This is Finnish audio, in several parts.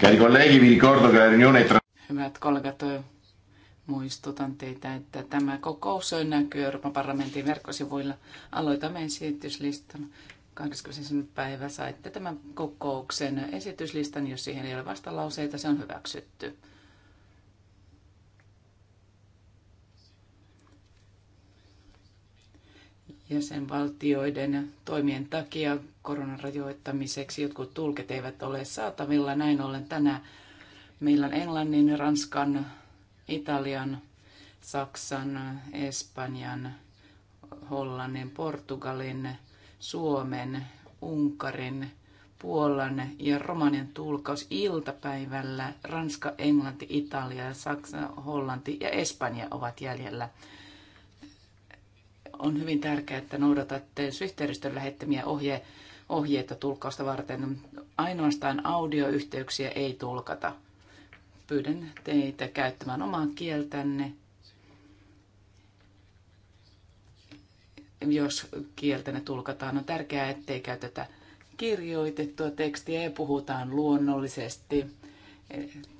Cari colleghi, vi ricordo che la riunione tra... Hyvät kollegat, muistutan teitä, että tämä kokous näkyy Euroopan parlamentin verkkosivuilla. Aloitamme esityslistan 20. päivä. Saitte tämän kokouksen esityslistan, jos siihen ei ole vastalauseita, se on hyväksytty. jäsenvaltioiden toimien takia koronan rajoittamiseksi jotkut tulket eivät ole saatavilla. Näin ollen tänään meillä on Englannin, Ranskan, Italian, Saksan, Espanjan, Hollannin, Portugalin, Suomen, Unkarin, Puolan ja Romanian tulkaus iltapäivällä. Ranska, Englanti, Italia, Saksa, Hollanti ja Espanja ovat jäljellä on hyvin tärkeää, että noudatatte syhteeristön lähettämiä ohje, ohjeita tulkkausta varten. Ainoastaan audioyhteyksiä ei tulkata. Pyydän teitä käyttämään omaa kieltänne. Jos kieltänne tulkataan, on tärkeää, ettei käytetä kirjoitettua tekstiä ja puhutaan luonnollisesti.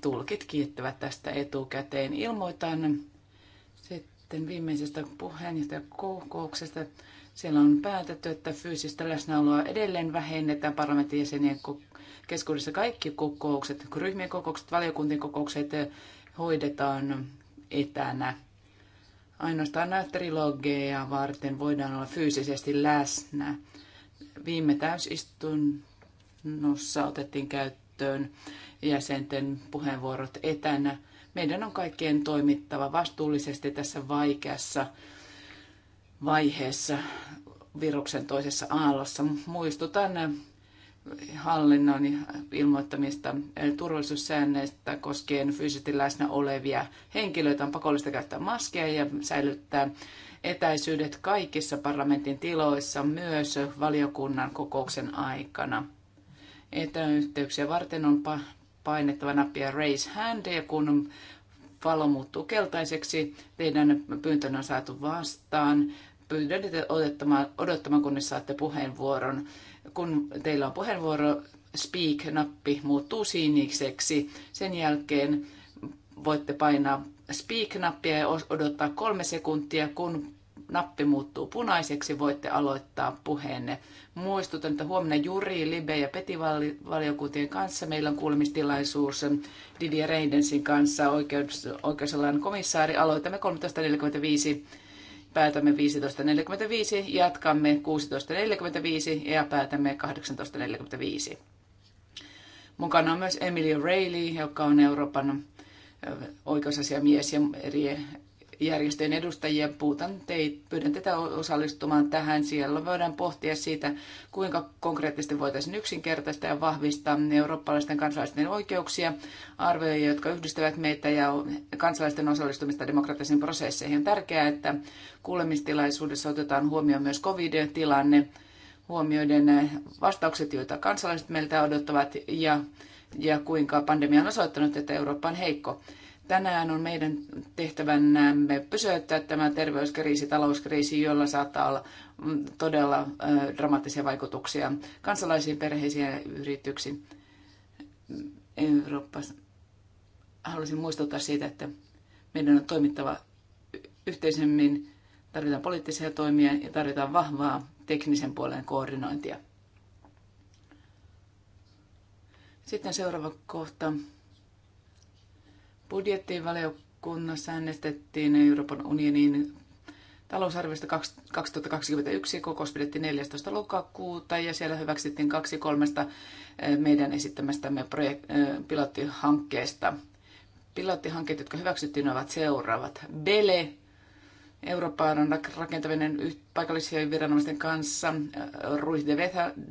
Tulkit kiittävät tästä etukäteen. Ilmoitan sitten viimeisestä puheenjohtajakokouksesta. Siellä on päätetty, että fyysistä läsnäoloa edelleen vähennetään parlamentin jäsenien keskuudessa. Kaikki kokoukset, ryhmien kokoukset, valiokuntien kokoukset hoidetaan etänä. Ainoastaan nämä trilogeja varten voidaan olla fyysisesti läsnä. Viime täysistunnossa otettiin käyttöön jäsenten puheenvuorot etänä meidän on kaikkien toimittava vastuullisesti tässä vaikeassa vaiheessa viruksen toisessa aallossa. Muistutan hallinnon ilmoittamista turvallisuussäännöistä koskien fyysisesti läsnä olevia henkilöitä. On pakollista käyttää maskia ja säilyttää etäisyydet kaikissa parlamentin tiloissa, myös valiokunnan kokouksen aikana. Etäyhteyksiä varten on painettava nappia Raise Hand ja kun valo muuttuu keltaiseksi, teidän pyyntönä on saatu vastaan. Pyydän teitä odottamaan, odottamaan, kunnes saatte puheenvuoron. Kun teillä on puheenvuoro, speak-nappi muuttuu siniseksi. Sen jälkeen voitte painaa speak-nappia ja odottaa kolme sekuntia, kun nappi muuttuu punaiseksi, voitte aloittaa puheenne. Muistutan, että huomenna Juri, Libe ja Peti-valiokuntien kanssa meillä on kuulemistilaisuus Didier Reindensin kanssa, oikeus, oikeusalan komissaari. Aloitamme 13.45, päätämme 15.45, jatkamme 16.45 ja päätämme 18.45. Mukana on myös Emily O'Reilly, joka on Euroopan oikeusasiamies ja eri järjestöjen edustajia. Puutan teitä, pyydän teitä osallistumaan tähän. Siellä voidaan pohtia siitä, kuinka konkreettisesti voitaisiin yksinkertaistaa ja vahvistaa eurooppalaisten kansalaisten oikeuksia, arvoja, jotka yhdistävät meitä ja kansalaisten osallistumista demokraattisiin prosesseihin. On tärkeää, että kuulemistilaisuudessa otetaan huomioon myös covid-tilanne, huomioiden eh, vastaukset, joita kansalaiset meiltä odottavat ja, ja kuinka pandemia on osoittanut, että Eurooppa on heikko. Tänään on meidän tehtävänämme pysäyttää tämä terveyskriisi, talouskriisi, jolla saattaa olla todella dramaattisia vaikutuksia kansalaisiin, perheisiin ja yrityksiin. Euroopassa haluaisin muistuttaa siitä, että meidän on toimittava yhteisemmin, tarvitaan poliittisia toimia ja tarvitaan vahvaa teknisen puolen koordinointia. Sitten seuraava kohta. Budjettivaliokunnassa äänestettiin Euroopan unionin talousarviosta 2021. Kokous pidettiin 14. lokakuuta ja siellä hyväksyttiin kaksi kolmesta eh, meidän esittämästämme projek- eh, pilottihankkeesta. Pilottihankkeet, jotka hyväksyttiin, ovat seuraavat. Bele, Euroopan rakentaminen paikallisia viranomaisten kanssa, eh, Ruiz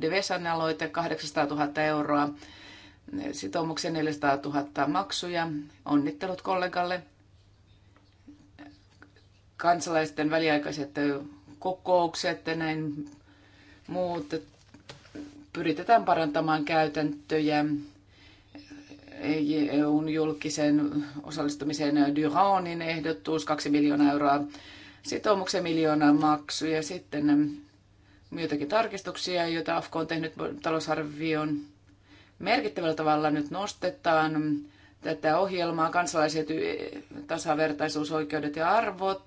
de Vesan aloite, 800 000 euroa sitoumuksen 400 000 maksuja. Onnittelut kollegalle. Kansalaisten väliaikaiset kokoukset ja näin muut. Pyritetään parantamaan käytäntöjä EUn julkisen osallistumisen Duranin ehdotus, 2 miljoonaa euroa sitoumuksen miljoonaa maksuja. Sitten myötäkin tarkistuksia, joita AFK on tehnyt talousarvioon merkittävällä tavalla nyt nostetaan tätä ohjelmaa, kansalaiset, tasavertaisuusoikeudet ja arvot.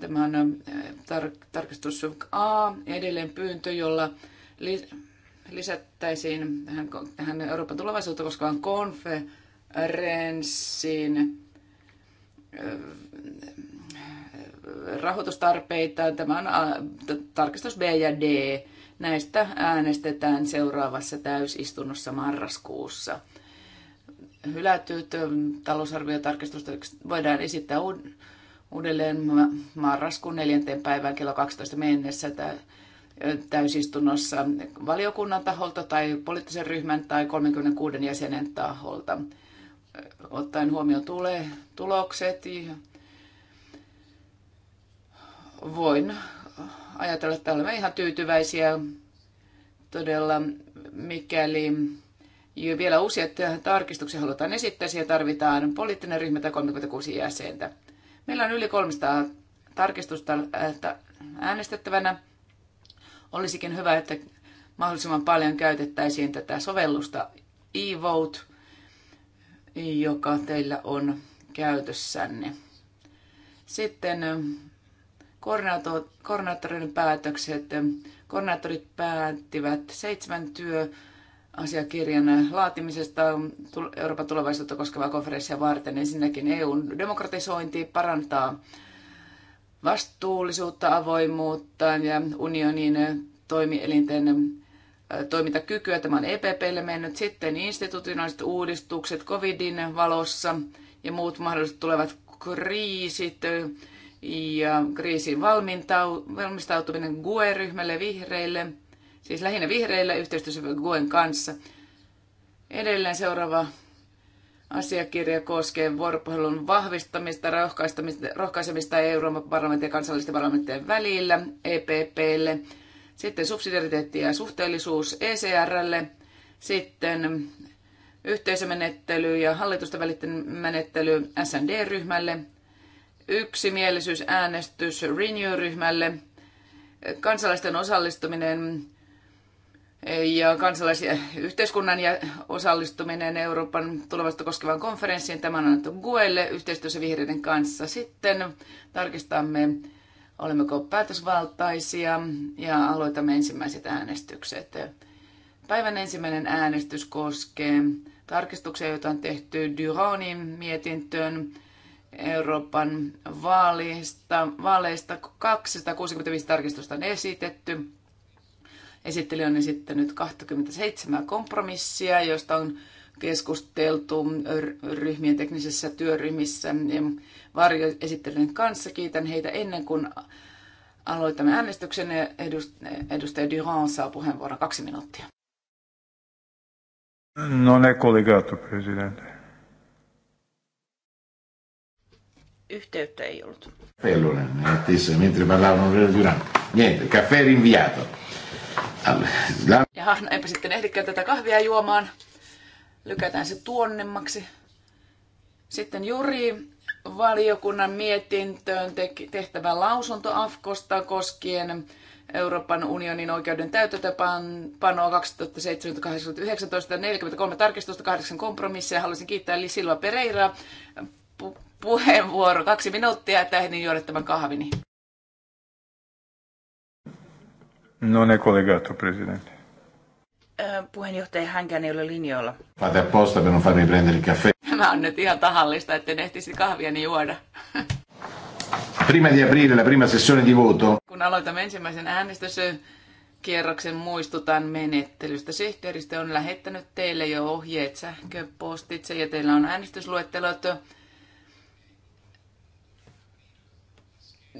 Tämä on tar- tarkistus A, edelleen pyyntö, jolla li- lisättäisiin tähän, tähän Euroopan tulevaisuutta koskevaan konferenssiin rahoitustarpeita. Tämä on tarkistus B ja D Näistä äänestetään seuraavassa täysistunnossa marraskuussa. Hylätyt talousarviotarkistusta voidaan esittää uudelleen marraskuun neljänteen päivään kello 12 mennessä täysistunnossa valiokunnan taholta tai poliittisen ryhmän tai 36 jäsenen taholta. Ottaen huomioon tulee tulokset, voin ajatella, että olemme ihan tyytyväisiä todella, mikäli vielä uusia tarkistuksia halutaan esittää. Siellä tarvitaan poliittinen ryhmä tai 36 jäsentä. Meillä on yli 300 tarkistusta äh, äänestettävänä. Olisikin hyvä, että mahdollisimman paljon käytettäisiin tätä sovellusta e-vote, joka teillä on käytössänne. Sitten äh, koordinaattoreiden päätökset. Koordinaattorit päättivät seitsemän työ asiakirjan laatimisesta Euroopan tulevaisuutta koskevaa konferenssia varten. Ensinnäkin EUn demokratisointi parantaa vastuullisuutta, avoimuutta ja unionin toimielinten toimintakykyä. Tämä on EPPlle mennyt. Sitten institutionaaliset uudistukset covidin valossa ja muut mahdolliset tulevat kriisit ja kriisin valmistautuminen GUE-ryhmälle vihreille, siis lähinnä vihreillä yhteistyössä GUEn kanssa. Edelleen seuraava asiakirja koskee vuoropuhelun vahvistamista, rohkaisemista Euroopan parlamentin ja kansallisten parlamenttien välillä EPPlle, sitten subsidiariteetti ja suhteellisuus ECRlle, sitten yhteisömenettely ja hallitusten välitten menettely SND-ryhmälle, yksimielisyysäänestys äänestys Renew-ryhmälle, kansalaisten osallistuminen ja kansalaisyhteiskunnan ja osallistuminen Euroopan tulevasta koskevaan konferenssiin. Tämä on annettu GUElle yhteistyössä vihreiden kanssa. Sitten tarkistamme, olemmeko päätösvaltaisia ja aloitamme ensimmäiset äänestykset. Päivän ensimmäinen äänestys koskee tarkistuksia, joita on tehty Duranin mietintöön Euroopan vaaleista, vaaleista 265 tarkistusta on esitetty. Esittelijä on esittänyt 27 kompromissia, joista on keskusteltu ryhmien teknisessä työryhmissä varjoesittelijän kanssa. Kiitän heitä ennen kuin aloitamme äänestyksen. Edustaja Durand saa puheenvuoron kaksi minuuttia. No ne kollegaatto, presidentti. yhteyttä ei ollut. Allora, mentre Niente, caffè rinviato. Jaha, no enpä sitten ehdikään tätä kahvia juomaan. Lykätään se tuonnemmaksi. Sitten Juri valiokunnan mietintöön tehtävä lausunto AFKosta koskien Euroopan unionin oikeuden täytäntöpanoa 2017-2019, 43 tarkistusta, 8 kompromissia. Haluaisin kiittää Lisilva Pereira puheenvuoro. Kaksi minuuttia, että ehdin juoda tämän kahvini. No ne collegato, presidentti. Puheenjohtaja hänkään ei ole linjoilla. Fate apposta per non farmi prendere il caffè. Tämä on nyt ihan tahallista, että en ehtisi kahviani juoda. Prima di aprire la prima sessione di voto. Kun aloitamme ensimmäisen äänestyskierroksen, muistutan menettelystä. Sihteeristö on lähettänyt teille jo ohjeet sähköpostitse ja teillä on äänestysluettelot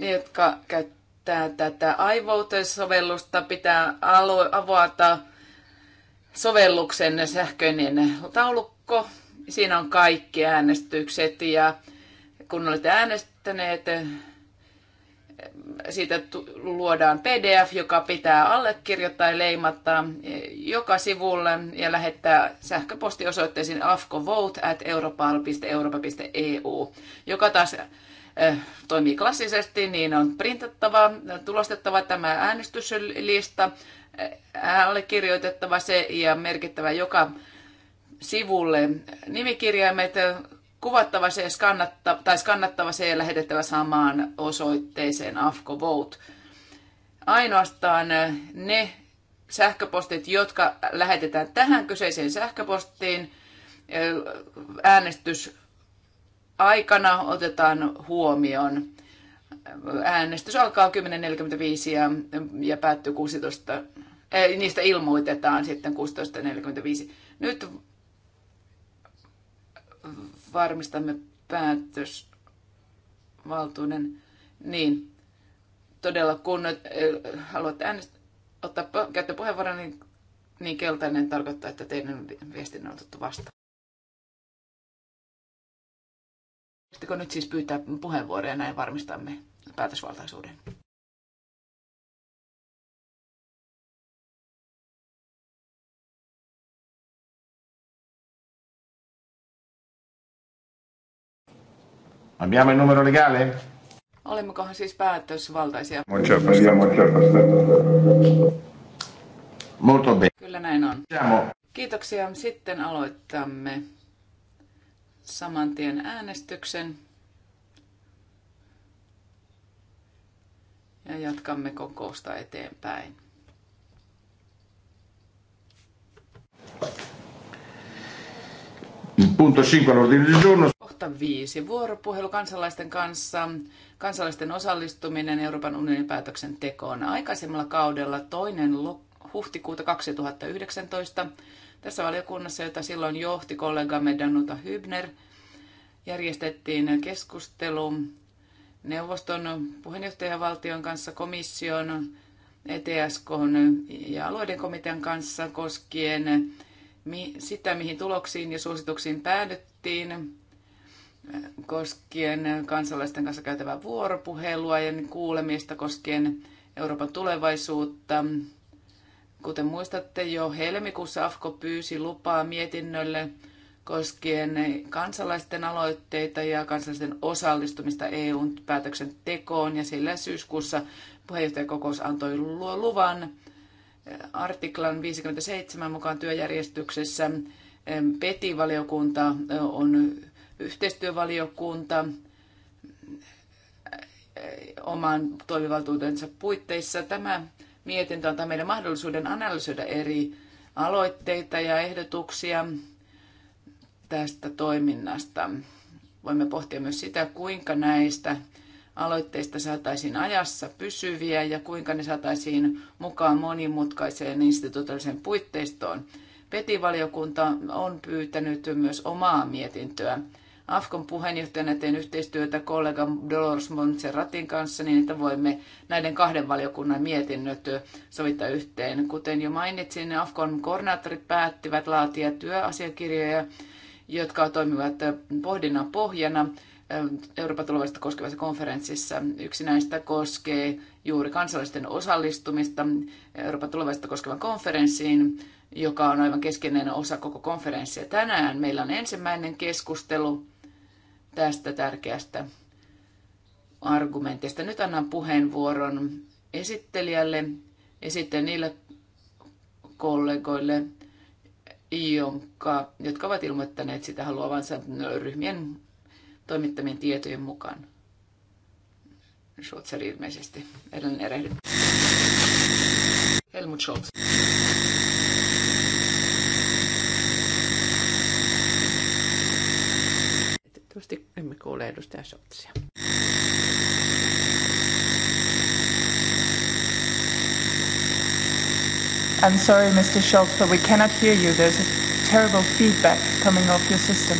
jotka käyttää tätä iVoters-sovellusta, pitää avata sovelluksen sähköinen taulukko. Siinä on kaikki äänestykset ja kun olette äänestäneet, siitä luodaan PDF, joka pitää allekirjoittaa ja leimata joka sivulle ja lähettää sähköpostiosoitteeseen afkovote at e joka taas Eh, toimii klassisesti, niin on printattava, tulostettava tämä äänestyslista, eh, allekirjoitettava se ja merkittävä joka sivulle nimikirjaimet, kuvattava se skannatta, tai skannattava se ja lähetettävä samaan osoitteeseen AFCO Vote. Ainoastaan eh, ne sähköpostit, jotka lähetetään tähän kyseiseen sähköpostiin, äänestys aikana otetaan huomioon. Äänestys alkaa 10.45 ja, ja päättyy 16. Eh, niistä ilmoitetaan sitten 16.45. Nyt varmistamme päätösvaltuuden. Niin, todella kun äh, haluatte äänestää, ottaa käyttöpuheenvuoron, niin, niin keltainen tarkoittaa, että teidän viestin on otettu vastaan. Voisitteko nyt siis pyytää puheenvuoroja, näin varmistamme päätösvaltaisuuden? Abbiamo il numero legale? Olemmekohan siis päätösvaltaisia? Molto, bene. Kyllä näin on. Siamo. Kiitoksia. Sitten aloitamme saman tien äänestyksen. Ja jatkamme kokousta eteenpäin. Punto 5 Kohta 5. Vuoropuhelu kansalaisten kanssa. Kansalaisten osallistuminen Euroopan unionin päätöksentekoon. Aikaisemmalla kaudella toinen huhtikuuta 2019 tässä valiokunnassa, jota silloin johti kollegamme Danuta Hybner, järjestettiin keskustelu neuvoston puheenjohtajavaltion kanssa, komission, ETSK ja alueiden komitean kanssa koskien sitä, mihin tuloksiin ja suosituksiin päädyttiin koskien kansalaisten kanssa käytävää vuoropuhelua ja kuulemista koskien Euroopan tulevaisuutta Kuten muistatte, jo helmikuussa AFKO pyysi lupaa mietinnölle koskien kansalaisten aloitteita ja kansalaisten osallistumista EUn päätöksentekoon. Ja sillä syyskuussa puheenjohtajakokous antoi luvan eh, artiklan 57 mukaan työjärjestyksessä. PETI-valiokunta eh, on yhteistyövaliokunta eh, oman toimivaltuutensa puitteissa. Tämä mietintö antaa meille mahdollisuuden analysoida eri aloitteita ja ehdotuksia tästä toiminnasta. Voimme pohtia myös sitä, kuinka näistä aloitteista saataisiin ajassa pysyviä ja kuinka ne saataisiin mukaan monimutkaiseen instituutioiden puitteistoon. Petivaliokunta on pyytänyt myös omaa mietintöä Afkon puheenjohtajana teen yhteistyötä kollega Dolores Montserratin kanssa niin, että voimme näiden kahden valiokunnan mietinnöt sovittaa yhteen. Kuten jo mainitsin, Afkon koordinaattorit päättivät laatia työasiakirjoja, jotka toimivat pohdinnan pohjana Euroopan tulevaisuutta koskevassa konferenssissa. Yksi näistä koskee juuri kansalaisten osallistumista Euroopan tulevaisuutta koskevan konferenssiin, joka on aivan keskeinen osa koko konferenssia. Tänään meillä on ensimmäinen keskustelu tästä tärkeästä argumentista. Nyt annan puheenvuoron esittelijälle ja sitten niille kollegoille, jonka, jotka ovat ilmoittaneet sitä haluavansa ryhmien toimittamien tietojen mukaan. Schulzer ilmeisesti. Edellinen erehdy. Helmut Scholz. toivottavasti emme kuule edustaja Schultzia. I'm sorry, Mr. Schultz, but we cannot hear you. There's a terrible feedback coming off your system.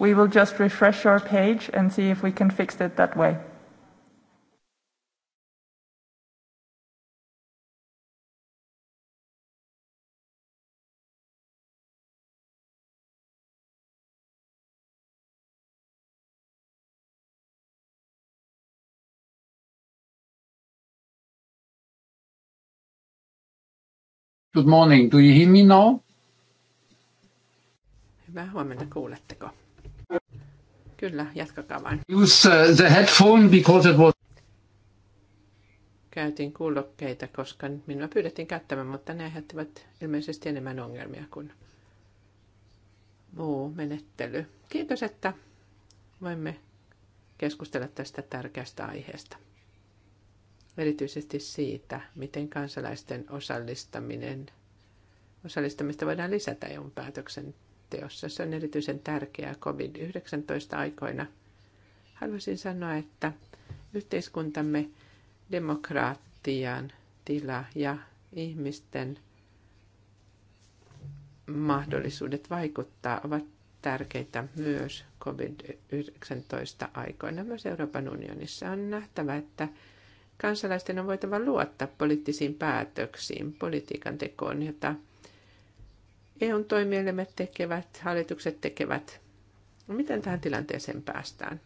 We will just refresh our page and see if we can fix it that way. Good morning. Do you hear me now? Hyvää huomenta. Kuuletteko? Kyllä, jatkakaa vain. Use uh, the headphone because it was... Käytin kuulokkeita, koska minua pyydettiin käyttämään, mutta ne aiheuttivat ilmeisesti enemmän ongelmia kuin muu menettely. Kiitos, että voimme keskustella tästä tärkeästä aiheesta. Erityisesti siitä, miten kansalaisten osallistaminen, osallistamista voidaan lisätä EUn päätöksen selonteossa. Se on erityisen tärkeää COVID-19-aikoina. Haluaisin sanoa, että yhteiskuntamme demokraattian tila ja ihmisten mahdollisuudet vaikuttaa ovat tärkeitä myös COVID-19-aikoina. Myös Euroopan unionissa on nähtävä, että kansalaisten on voitava luottaa poliittisiin päätöksiin, politiikan tekoon, jota EUn toimielimet tekevät, hallitukset tekevät. Miten tähän tilanteeseen päästään?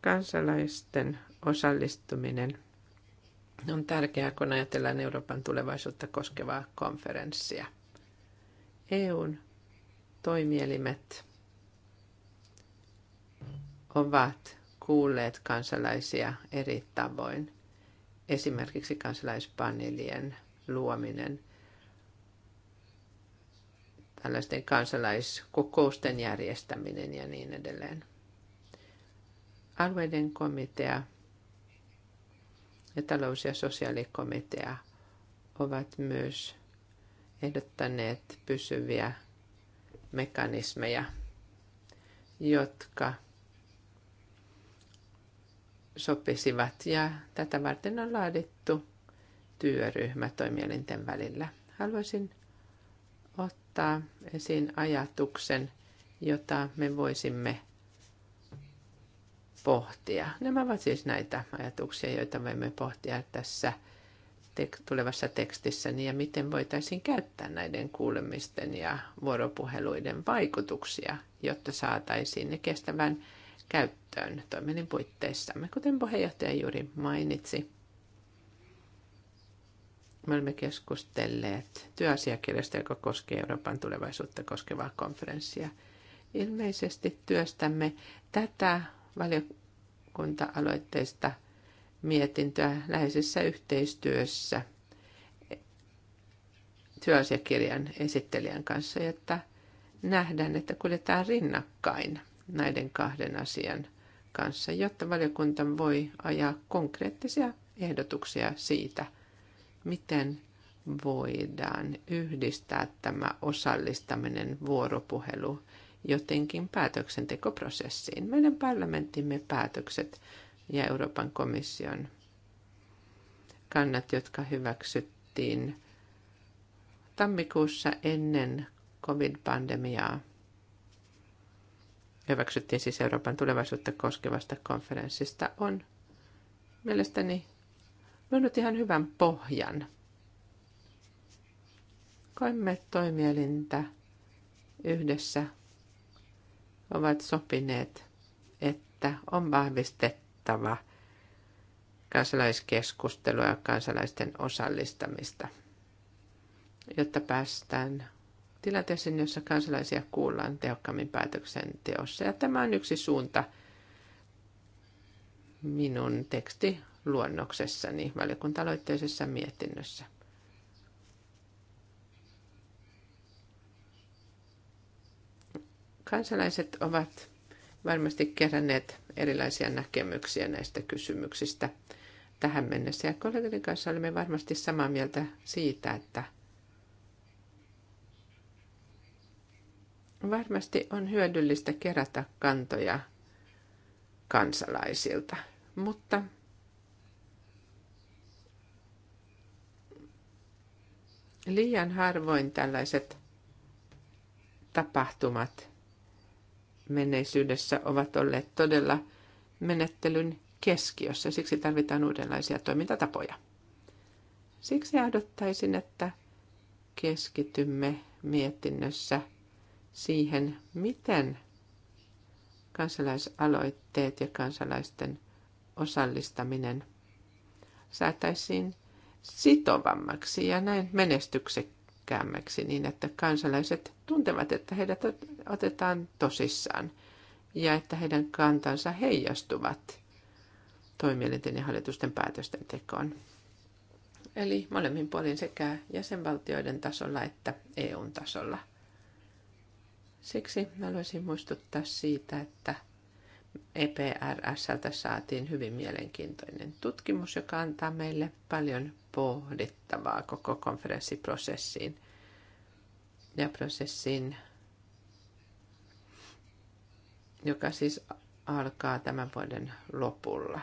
Kansalaisten osallistuminen on tärkeää, kun ajatellaan Euroopan tulevaisuutta koskevaa konferenssia. EUn toimielimet ovat kuulleet kansalaisia eri tavoin. Esimerkiksi kansalaispaneelien luominen – tällaisten kansalaiskokousten järjestäminen ja niin edelleen. Alueiden komitea ja talous- ja sosiaalikomitea ovat myös ehdottaneet pysyviä mekanismeja, jotka sopisivat ja tätä varten on laadittu työryhmä toimielinten välillä. Haluaisin nostaa esiin ajatuksen, jota me voisimme pohtia. Nämä ovat siis näitä ajatuksia, joita voimme pohtia tässä tek- tulevassa tekstissä, ja miten voitaisiin käyttää näiden kuulemisten ja vuoropuheluiden vaikutuksia, jotta saataisiin ne kestävän käyttöön toiminnin puitteissamme, kuten puheenjohtaja juuri mainitsi. Me olemme keskustelleet työasiakirjasta, joka koskee Euroopan tulevaisuutta koskevaa konferenssia. Ilmeisesti työstämme tätä valiokunta-aloitteista mietintöä läheisessä yhteistyössä työasiakirjan esittelijän kanssa, jotta nähdään, että kuljetaan rinnakkain näiden kahden asian kanssa, jotta valiokunta voi ajaa konkreettisia ehdotuksia siitä, miten voidaan yhdistää tämä osallistaminen, vuoropuhelu jotenkin päätöksentekoprosessiin. Meidän parlamenttimme päätökset ja Euroopan komission kannat, jotka hyväksyttiin tammikuussa ennen covid-pandemiaa, hyväksyttiin siis Euroopan tulevaisuutta koskevasta konferenssista, on mielestäni luonut ihan hyvän pohjan. Koimme toimielintä yhdessä ovat sopineet, että on vahvistettava kansalaiskeskustelua ja kansalaisten osallistamista, jotta päästään tilanteeseen, jossa kansalaisia kuullaan tehokkaammin päätöksenteossa. Ja tämä on yksi suunta minun teksti luonnoksessani valiokunta-aloitteisessa mietinnössä. Kansalaiset ovat varmasti keränneet erilaisia näkemyksiä näistä kysymyksistä tähän mennessä. Ja kollegoiden kanssa olemme varmasti samaa mieltä siitä, että varmasti on hyödyllistä kerätä kantoja kansalaisilta, mutta Liian harvoin tällaiset tapahtumat menneisyydessä ovat olleet todella menettelyn keskiössä, siksi tarvitaan uudenlaisia toimintatapoja. Siksi ehdottaisin, että keskitymme mietinnössä siihen, miten kansalaisaloitteet ja kansalaisten osallistaminen saataisiin sitovammaksi ja näin menestyksekkäämmäksi niin, että kansalaiset tuntevat, että heidät otetaan tosissaan ja että heidän kantansa heijastuvat toimielinten ja hallitusten päätösten tekoon. Eli molemmin puolin sekä jäsenvaltioiden tasolla että EUn tasolla. Siksi haluaisin muistuttaa siitä, että EPRSltä saatiin hyvin mielenkiintoinen tutkimus, joka antaa meille paljon pohdittavaa koko konferenssiprosessiin ja prosessiin, joka siis alkaa tämän vuoden lopulla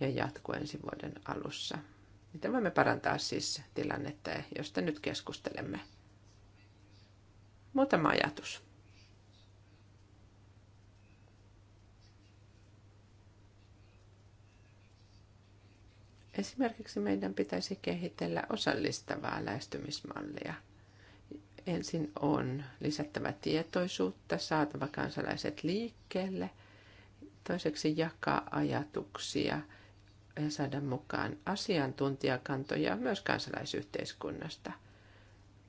ja jatkuu ensi vuoden alussa. Miten voimme parantaa siis tilannetta, josta nyt keskustelemme? Muutama ajatus. Esimerkiksi meidän pitäisi kehitellä osallistavaa lähestymismallia. Ensin on lisättävä tietoisuutta, saatava kansalaiset liikkeelle, toiseksi jakaa ajatuksia ja saada mukaan asiantuntijakantoja myös kansalaisyhteiskunnasta.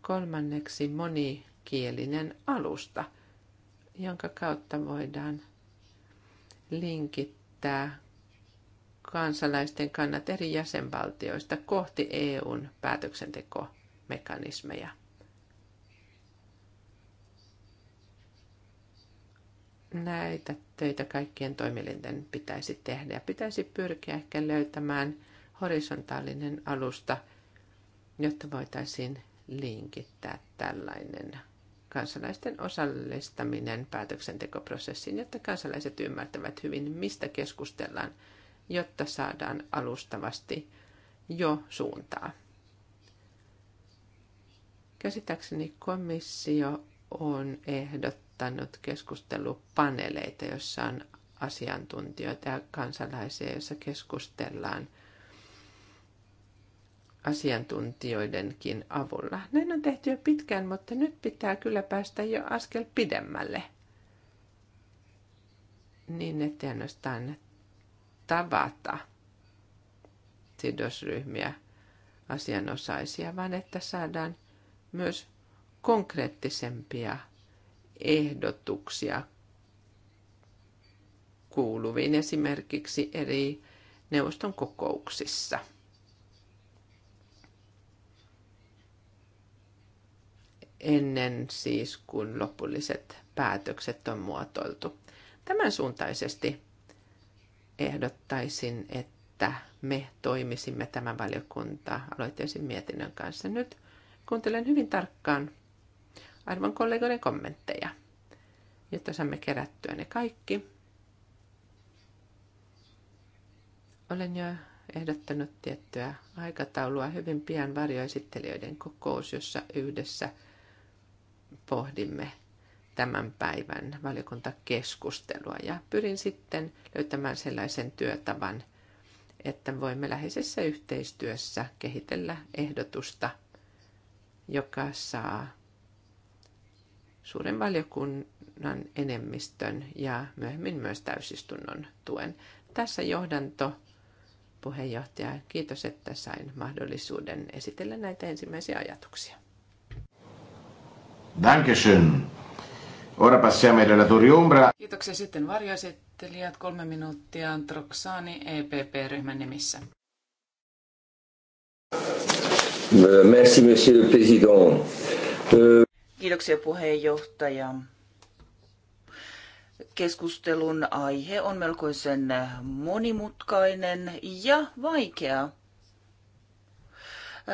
Kolmanneksi monikielinen alusta, jonka kautta voidaan linkittää kansalaisten kannat eri jäsenvaltioista kohti EUn päätöksentekomekanismeja. Näitä töitä kaikkien toimielinten pitäisi tehdä ja pitäisi pyrkiä ehkä löytämään horisontaalinen alusta, jotta voitaisiin linkittää tällainen kansalaisten osallistaminen päätöksentekoprosessiin, jotta kansalaiset ymmärtävät hyvin, mistä keskustellaan jotta saadaan alustavasti jo suuntaa. Käsittääkseni komissio on ehdottanut keskustelupaneeleita, joissa on asiantuntijoita ja kansalaisia, joissa keskustellaan asiantuntijoidenkin avulla. Näin on tehty jo pitkään, mutta nyt pitää kyllä päästä jo askel pidemmälle. Niin, että ainoastaan tavata sidosryhmiä, asianosaisia, vaan että saadaan myös konkreettisempia ehdotuksia kuuluviin esimerkiksi eri neuvoston kokouksissa. Ennen siis, kun lopulliset päätökset on muotoiltu. Tämän suuntaisesti ehdottaisin, että me toimisimme tämän valiokunta aloitteisen mietinnön kanssa. Nyt kuuntelen hyvin tarkkaan arvon kollegoiden kommentteja, jotta saamme kerättyä ne kaikki. Olen jo ehdottanut tiettyä aikataulua hyvin pian varjoesittelijöiden kokous, jossa yhdessä pohdimme tämän päivän valiokuntakeskustelua ja pyrin sitten löytämään sellaisen työtavan, että voimme läheisessä yhteistyössä kehitellä ehdotusta, joka saa suuren valiokunnan enemmistön ja myöhemmin myös täysistunnon tuen. Tässä johdanto puheenjohtaja. Kiitos, että sain mahdollisuuden esitellä näitä ensimmäisiä ajatuksia. Dankeschön. Ora passiamo ai relatori ombra. Kiitoksia sitten varjoesittelijät. Kolme minuuttia Antroksani EPP-ryhmän nimissä. Euh, merci, monsieur le président. Euh, Kiitoksia puheenjohtaja. Keskustelun aihe on melkoisen monimutkainen ja vaikea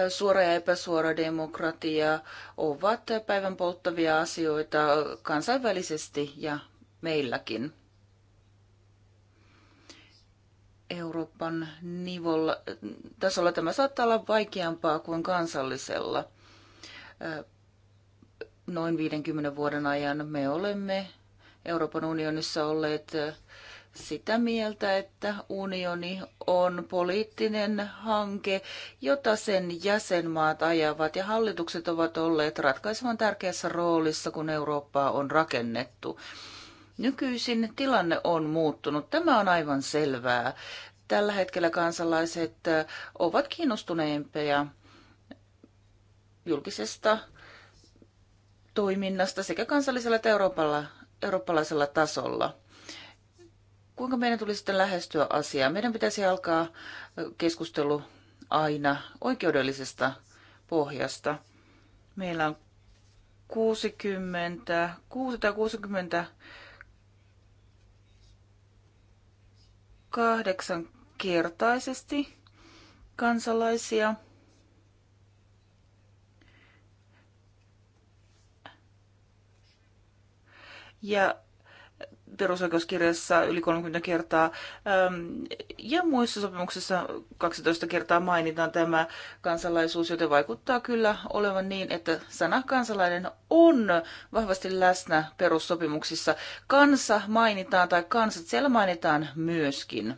suora ja epäsuora demokratia ovat päivän polttavia asioita kansainvälisesti ja meilläkin. Euroopan nivolla, tasolla tämä saattaa olla vaikeampaa kuin kansallisella. Noin 50 vuoden ajan me olemme Euroopan unionissa olleet sitä mieltä, että unioni on poliittinen hanke, jota sen jäsenmaat ajavat ja hallitukset ovat olleet ratkaisevan tärkeässä roolissa, kun Eurooppaa on rakennettu. Nykyisin tilanne on muuttunut. Tämä on aivan selvää. Tällä hetkellä kansalaiset ovat kiinnostuneempia julkisesta toiminnasta sekä kansallisella että eurooppalaisella tasolla – Kuinka meidän tulisi sitten lähestyä asiaa? Meidän pitäisi alkaa keskustelu aina oikeudellisesta pohjasta. Meillä on 60, 660 kertaisesti kansalaisia. Ja perusoikeuskirjassa yli 30 kertaa ja muissa sopimuksissa 12 kertaa mainitaan tämä kansalaisuus, joten vaikuttaa kyllä olevan niin, että sana kansalainen on vahvasti läsnä perussopimuksissa. Kansa mainitaan tai kansat siellä mainitaan myöskin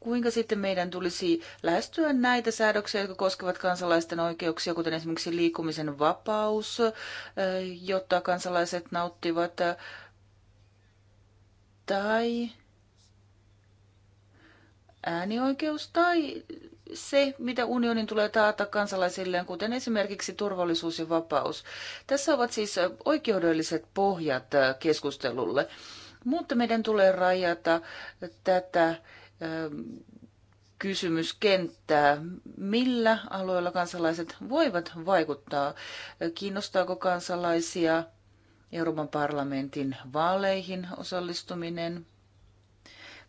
kuinka sitten meidän tulisi lähestyä näitä säädöksiä, jotka koskevat kansalaisten oikeuksia, kuten esimerkiksi liikkumisen vapaus, jotta kansalaiset nauttivat tai äänioikeus tai se, mitä unionin tulee taata kansalaisilleen, kuten esimerkiksi turvallisuus ja vapaus. Tässä ovat siis oikeudelliset pohjat äh, keskustelulle, mutta meidän tulee rajata tätä ähm, kysymyskenttää, millä alueella kansalaiset voivat vaikuttaa, kiinnostaako kansalaisia Euroopan parlamentin vaaleihin osallistuminen,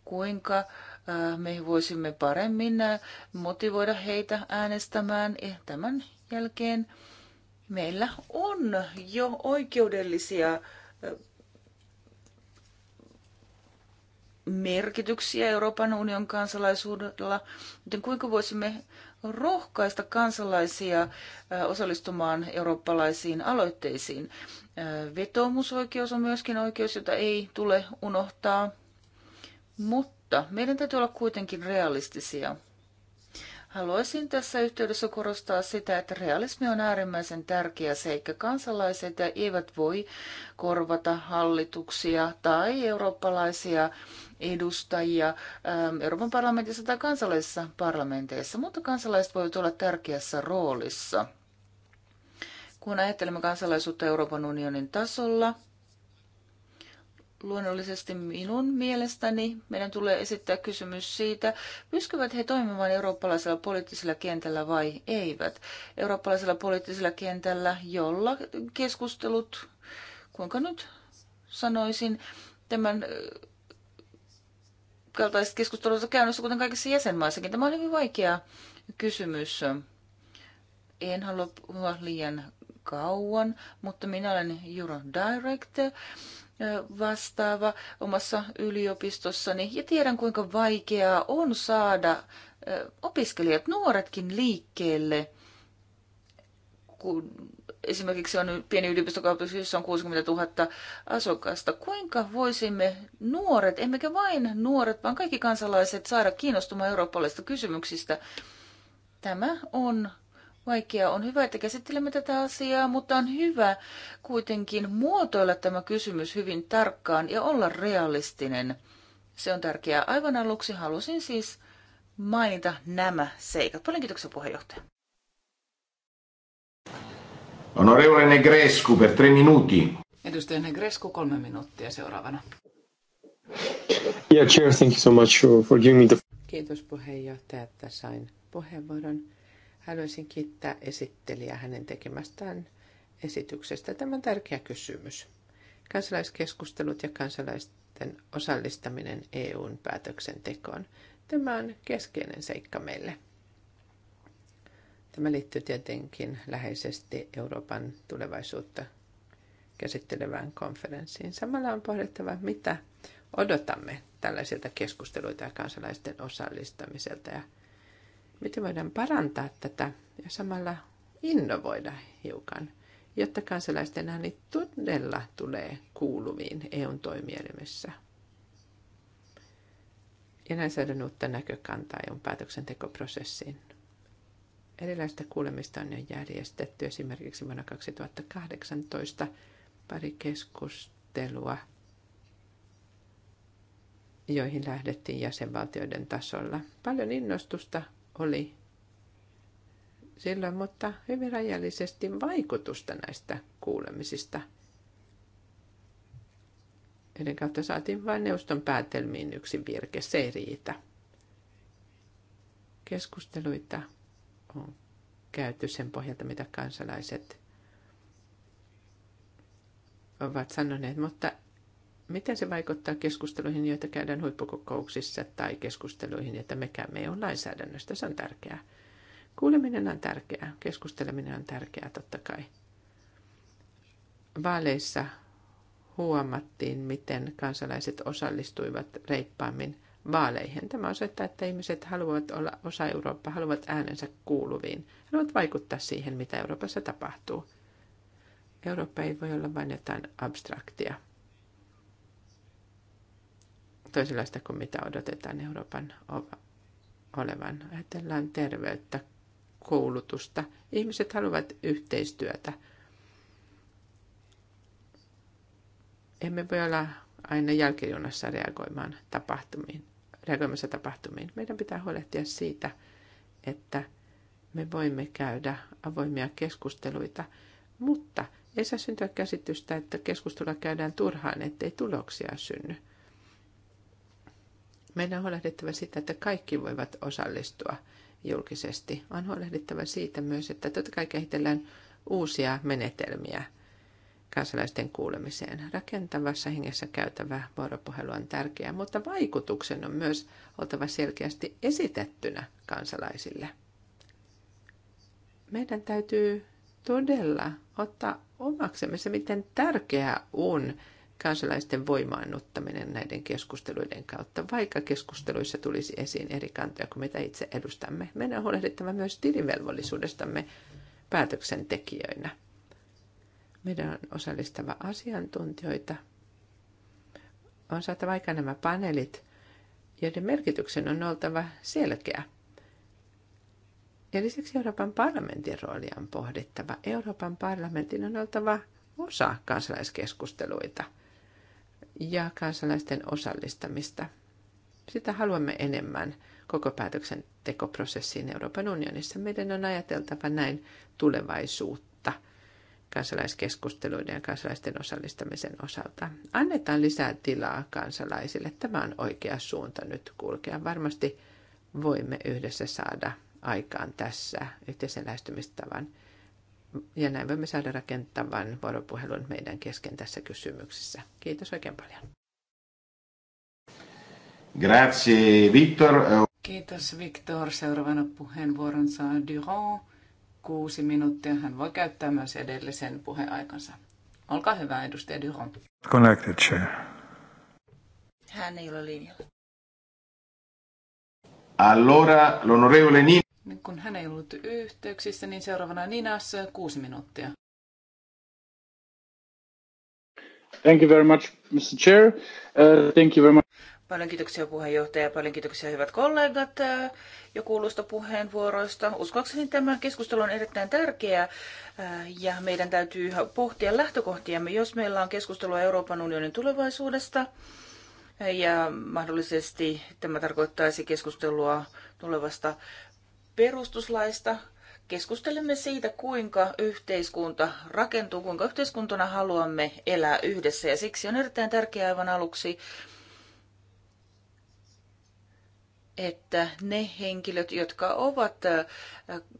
kuinka äh, me voisimme paremmin äh, motivoida heitä äänestämään. Tämän jälkeen meillä on jo oikeudellisia äh, merkityksiä Euroopan unionin kansalaisuudella, joten kuinka voisimme rohkaista kansalaisia osallistumaan eurooppalaisiin aloitteisiin. Vetoomusoikeus on myöskin oikeus, jota ei tule unohtaa, mutta meidän täytyy olla kuitenkin realistisia. Haluaisin tässä yhteydessä korostaa sitä, että realismi on äärimmäisen tärkeä seikka. Kansalaiset eivät voi korvata hallituksia tai eurooppalaisia edustajia ähm, Euroopan parlamentissa tai kansallisissa parlamenteissa, mutta kansalaiset voivat olla tärkeässä roolissa. Kun ajattelemme kansalaisuutta Euroopan unionin tasolla, luonnollisesti minun mielestäni meidän tulee esittää kysymys siitä, pystyvät he toimimaan eurooppalaisella poliittisella kentällä vai eivät. Eurooppalaisella poliittisella kentällä, jolla keskustelut, kuinka nyt sanoisin, tämän kaltaiset keskustelut on käynnissä kuten kaikissa jäsenmaissakin. Tämä on hyvin vaikea kysymys. En halua puhua liian kauan, mutta minä olen Direct vastaava omassa yliopistossani ja tiedän kuinka vaikeaa on saada opiskelijat, nuoretkin liikkeelle, kun esimerkiksi on pieni yliopistokaupunki, jossa on 60 000 asukasta. Kuinka voisimme nuoret, emmekä vain nuoret, vaan kaikki kansalaiset saada kiinnostumaan eurooppalaisista kysymyksistä? Tämä on vaikea. On hyvä, että käsittelemme tätä asiaa, mutta on hyvä kuitenkin muotoilla tämä kysymys hyvin tarkkaan ja olla realistinen. Se on tärkeää. Aivan aluksi halusin siis mainita nämä seikat. Paljon kiitoksia puheenjohtaja. Onorevole Negrescu per tre minuti. Edustaja Negrescu kolme minuuttia seuraavana. Yeah, chair, thank you so much for giving me the... Kiitos puheenjohtaja, että sain puheenvuoron. Haluaisin kiittää esittelijää hänen tekemästään esityksestä. Tämä on tärkeä kysymys. Kansalaiskeskustelut ja kansalaisten osallistaminen EUn päätöksentekoon. Tämä on keskeinen seikka meille. Tämä liittyy tietenkin läheisesti Euroopan tulevaisuutta käsittelevään konferenssiin. Samalla on pohdittava, mitä odotamme tällaisilta keskusteluita ja kansalaisten osallistamiselta ja miten voidaan parantaa tätä ja samalla innovoida hiukan, jotta kansalaisten ääni todella tulee kuuluviin EUn toimielimessä. Ja näin saadaan uutta näkökantaa EUn päätöksentekoprosessiin. Erilaista kuulemista on jo järjestetty esimerkiksi vuonna 2018 pari keskustelua, joihin lähdettiin jäsenvaltioiden tasolla. Paljon innostusta oli silloin, mutta hyvin rajallisesti vaikutusta näistä kuulemisista. Joiden kautta saatiin vain neuston päätelmiin yksi virke, se ei riitä. Keskusteluita on käyty sen pohjalta, mitä kansalaiset ovat sanoneet, mutta miten se vaikuttaa keskusteluihin, joita käydään huippukokouksissa tai keskusteluihin, joita me käymme EUn lainsäädännöstä. Se on tärkeää. Kuuleminen on tärkeää, keskusteleminen on tärkeää totta kai. Vaaleissa huomattiin, miten kansalaiset osallistuivat reippaammin vaaleihin. Tämä osoittaa, että ihmiset haluavat olla osa Eurooppaa, haluavat äänensä kuuluviin, haluavat vaikuttaa siihen, mitä Euroopassa tapahtuu. Eurooppa ei voi olla vain jotain abstraktia toisenlaista kuin mitä odotetaan Euroopan olevan. Ajatellaan terveyttä, koulutusta. Ihmiset haluavat yhteistyötä. Emme voi olla aina jälkijunassa reagoimaan tapahtumiin, reagoimassa tapahtumiin. Meidän pitää huolehtia siitä, että me voimme käydä avoimia keskusteluita, mutta ei saa syntyä käsitystä, että keskustelua käydään turhaan, ettei tuloksia synny. Meidän on huolehdittava siitä, että kaikki voivat osallistua julkisesti. On huolehdittava siitä myös, että totta kai kehitellään uusia menetelmiä kansalaisten kuulemiseen. Rakentavassa hengessä käytävä vuoropuhelu on tärkeää, mutta vaikutuksen on myös oltava selkeästi esitettynä kansalaisille. Meidän täytyy todella ottaa omaksemme se, miten tärkeää on kansalaisten voimaannuttaminen näiden keskusteluiden kautta, vaikka keskusteluissa tulisi esiin eri kantoja kuin mitä itse edustamme. Meidän on huolehdittava myös tilivelvollisuudestamme päätöksentekijöinä. Meidän on osallistava asiantuntijoita. On saatava aika nämä paneelit, joiden merkityksen on oltava selkeä. Ja lisäksi Euroopan parlamentin roolia on pohdittava. Euroopan parlamentin on oltava osa kansalaiskeskusteluita – ja kansalaisten osallistamista. Sitä haluamme enemmän koko päätöksentekoprosessiin Euroopan unionissa. Meidän on ajateltava näin tulevaisuutta kansalaiskeskusteluiden ja kansalaisten osallistamisen osalta. Annetaan lisää tilaa kansalaisille. Tämä on oikea suunta nyt kulkea. Varmasti voimme yhdessä saada aikaan tässä yhteisen lähestymistavan ja näin voimme saada rakentavan vuoropuhelun meidän kesken tässä kysymyksessä. Kiitos oikein paljon. Grazie, Victor. Kiitos, Victor. Seuraavana puheenvuoron saa Durand. Kuusi minuuttia. Hän voi käyttää myös edellisen puheaikansa. Olkaa hyvä, edustaja Durand. Connected, chair. Hän ei ole linjalla. Allora, l'onorevole Nino. Niin kun hän ei ollut yhteyksissä, niin seuraavana Ninassa kuusi minuuttia. Thank you very much, Mr. Chair. Uh, thank you very much. Paljon kiitoksia puheenjohtaja, paljon kiitoksia hyvät kollegat uh, jo kuulusta puheenvuoroista. Uskoakseni tämä keskustelu on erittäin tärkeä uh, ja meidän täytyy pohtia lähtökohtiamme, jos meillä on keskustelua Euroopan unionin tulevaisuudesta uh, ja mahdollisesti tämä tarkoittaisi keskustelua tulevasta perustuslaista, keskustelemme siitä, kuinka yhteiskunta rakentuu, kuinka yhteiskuntana haluamme elää yhdessä. Ja siksi on erittäin tärkeää aivan aluksi, että ne henkilöt, jotka ovat äh,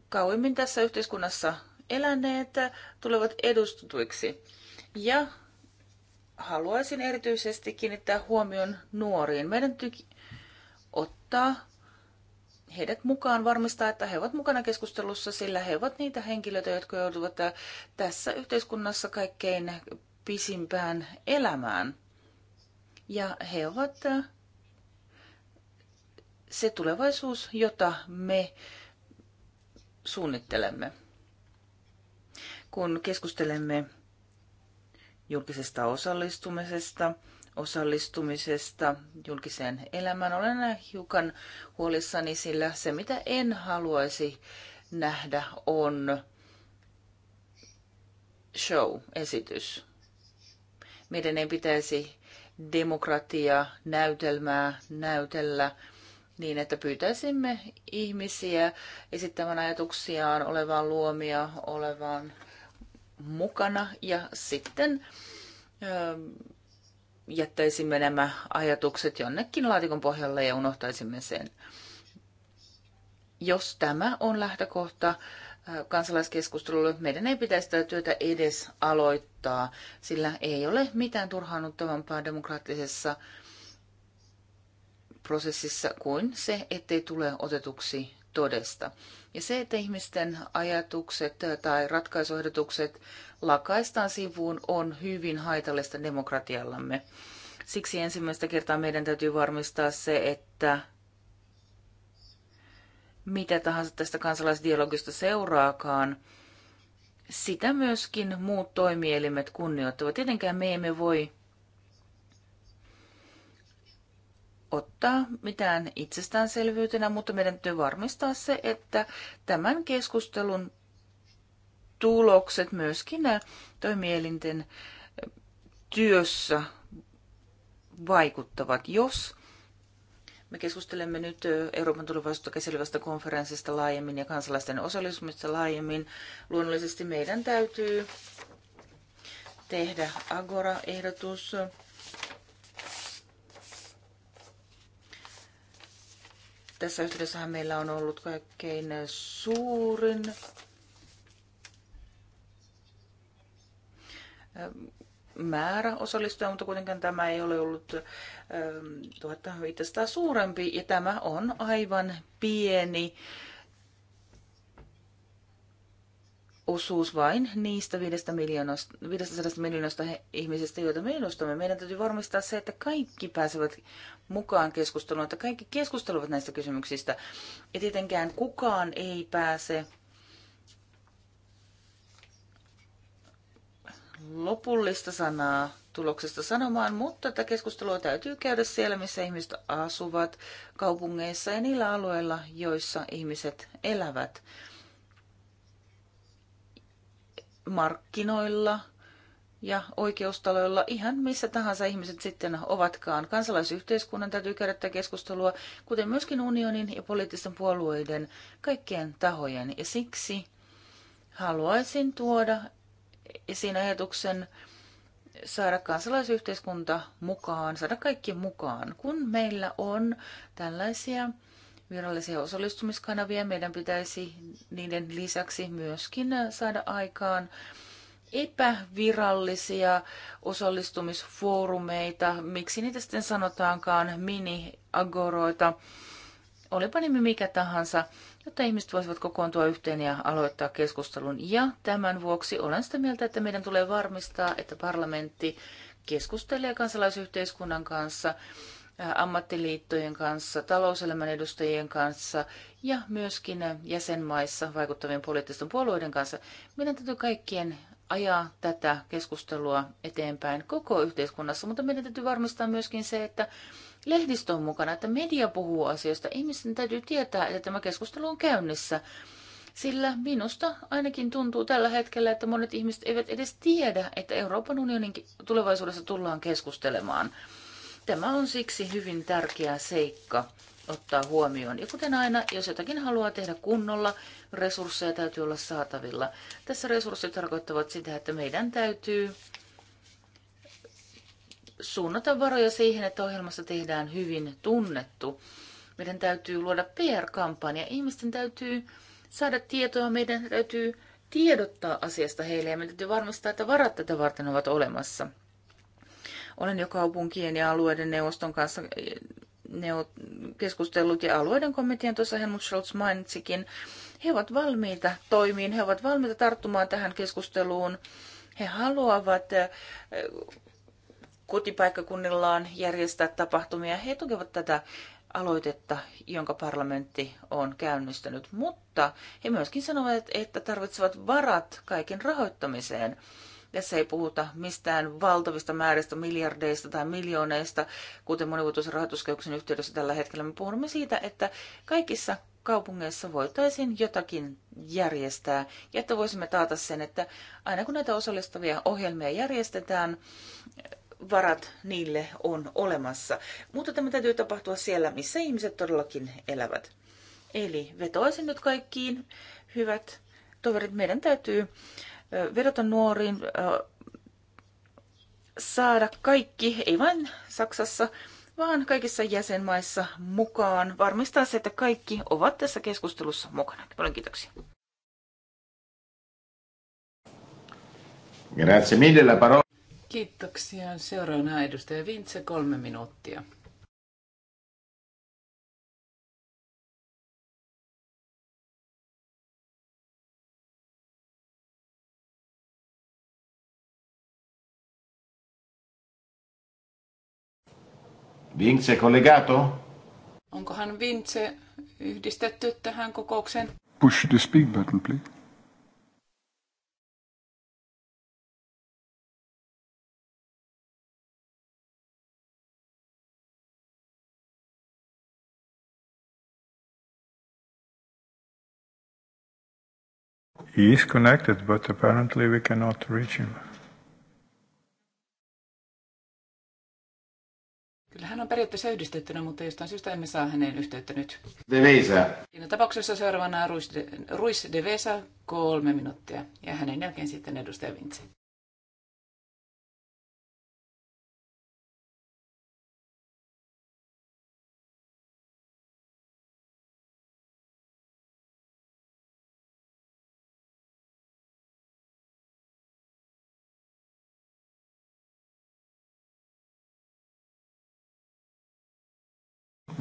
kauemmin tässä yhteiskunnassa eläneet, äh, tulevat edustetuiksi. Ja haluaisin erityisesti kiinnittää huomion nuoriin. Meidän tyki ottaa heidät mukaan varmistaa, että he ovat mukana keskustelussa, sillä he ovat niitä henkilöitä, jotka joutuvat tässä yhteiskunnassa kaikkein pisimpään elämään. Ja he ovat äh, se tulevaisuus, jota me suunnittelemme. Kun keskustelemme julkisesta osallistumisesta, osallistumisesta julkiseen elämään. Olen hiukan huolissani, sillä se mitä en haluaisi nähdä on show-esitys. Meidän ei pitäisi demokratia näytelmää näytellä niin, että pyytäisimme ihmisiä esittämään ajatuksiaan, olevaan luomia, olevaan mukana ja sitten jättäisimme nämä ajatukset jonnekin laatikon pohjalle ja unohtaisimme sen. Jos tämä on lähtökohta äh, kansalaiskeskustelulle, meidän ei pitäisi tätä työtä edes aloittaa, sillä ei ole mitään turhaannuttavampaa demokraattisessa prosessissa kuin se, ettei tule otetuksi todesta. Ja se, että ihmisten ajatukset tai ratkaisuehdotukset lakaistaan sivuun, on hyvin haitallista demokratiallamme. Siksi ensimmäistä kertaa meidän täytyy varmistaa se, että mitä tahansa tästä kansalaisdialogista seuraakaan, sitä myöskin muut toimielimet kunnioittavat. Tietenkään me emme voi ottaa mitään itsestäänselvyytenä, mutta meidän täytyy varmistaa se, että tämän keskustelun tulokset myöskin toimielinten työssä vaikuttavat, jos me keskustelemme nyt Euroopan tulevaisuutta käsittelevästä konferenssista laajemmin ja kansalaisten osallistumista laajemmin. Luonnollisesti meidän täytyy tehdä Agora-ehdotus Tässä yhteydessähän meillä on ollut kaikkein suurin määrä osallistujia, mutta kuitenkaan tämä ei ole ollut 1500 suurempi ja tämä on aivan pieni osuus vain niistä 500 miljoonasta, 500 miljoonasta ihmisestä, joita me edustamme. Meidän täytyy varmistaa se, että kaikki pääsevät mukaan keskusteluun, että kaikki keskusteluvat näistä kysymyksistä. Ja tietenkään kukaan ei pääse lopullista sanaa tuloksesta sanomaan, mutta tätä keskustelua täytyy käydä siellä, missä ihmiset asuvat, kaupungeissa ja niillä alueilla, joissa ihmiset elävät markkinoilla ja oikeustaloilla, ihan missä tahansa ihmiset sitten ovatkaan. Kansalaisyhteiskunnan täytyy käydä tätä keskustelua, kuten myöskin unionin ja poliittisten puolueiden kaikkien tahojen. Ja siksi haluaisin tuoda esiin ajatuksen saada kansalaisyhteiskunta mukaan, saada kaikki mukaan. Kun meillä on tällaisia virallisia osallistumiskanavia. Meidän pitäisi niiden lisäksi myöskin saada aikaan epävirallisia osallistumisfoorumeita, miksi niitä sitten sanotaankaan mini-agoroita, olipa nimi mikä tahansa, jotta ihmiset voisivat kokoontua yhteen ja aloittaa keskustelun. Ja tämän vuoksi olen sitä mieltä, että meidän tulee varmistaa, että parlamentti keskustelee kansalaisyhteiskunnan kanssa Äh, ammattiliittojen kanssa, talouselämän edustajien kanssa ja myöskin äh, jäsenmaissa vaikuttavien poliittisten puolueiden kanssa. Meidän täytyy kaikkien ajaa tätä keskustelua eteenpäin koko yhteiskunnassa, mutta meidän täytyy varmistaa myöskin se, että lehdistö on mukana, että media puhuu asioista. Ihmisten täytyy tietää, että tämä keskustelu on käynnissä. Sillä minusta ainakin tuntuu tällä hetkellä, että monet ihmiset eivät edes tiedä, että Euroopan unionin tulevaisuudessa tullaan keskustelemaan. Tämä on siksi hyvin tärkeä seikka ottaa huomioon. Ja kuten aina, jos jotakin haluaa tehdä kunnolla, resursseja täytyy olla saatavilla. Tässä resurssit tarkoittavat sitä, että meidän täytyy suunnata varoja siihen, että ohjelmassa tehdään hyvin tunnettu. Meidän täytyy luoda PR-kampanja. Ihmisten täytyy saada tietoa, meidän täytyy tiedottaa asiasta heille ja meidän täytyy varmistaa, että varat tätä varten ovat olemassa. Olen jo kaupunkien ja alueiden neuvoston kanssa eh, keskustellut ja alueiden komitean tuossa Helmut Scholz mainitsikin. He ovat valmiita toimiin, he ovat valmiita tarttumaan tähän keskusteluun. He haluavat eh, kotipaikkakunnillaan järjestää tapahtumia. He tukevat tätä aloitetta, jonka parlamentti on käynnistänyt, mutta he myöskin sanovat, että tarvitsevat varat kaiken rahoittamiseen. Tässä ei puhuta mistään valtavista määristä, miljardeista tai miljooneista, kuten monivuotoisen rahoituskeuksen yhteydessä tällä hetkellä. Me puhumme siitä, että kaikissa kaupungeissa voitaisiin jotakin järjestää ja että voisimme taata sen, että aina kun näitä osallistavia ohjelmia järjestetään, varat niille on olemassa. Mutta tämä täytyy tapahtua siellä, missä ihmiset todellakin elävät. Eli vetoisin nyt kaikkiin, hyvät toverit, meidän täytyy vedota nuoriin, saada kaikki, ei vain Saksassa, vaan kaikissa jäsenmaissa mukaan. Varmistaa se, että kaikki ovat tässä keskustelussa mukana. Paljon kiitoksia. Grazie mille la parola. Kiitoksia. Seuraavana edustaja Vintse, kolme minuuttia. Vince collegato? Onkohan Vince yhdistetty tähän kokoukseen? Push the speak button, please. He is connected, but apparently we cannot reach him. Kyllä hän on periaatteessa yhdistettynä, mutta jostain syystä emme saa häneen yhteyttä nyt. De Vesa. Siinä tapauksessa seuraavana Ruiz de, Ruiz de Vesa kolme minuuttia ja hänen jälkeen sitten edustaja Vintse.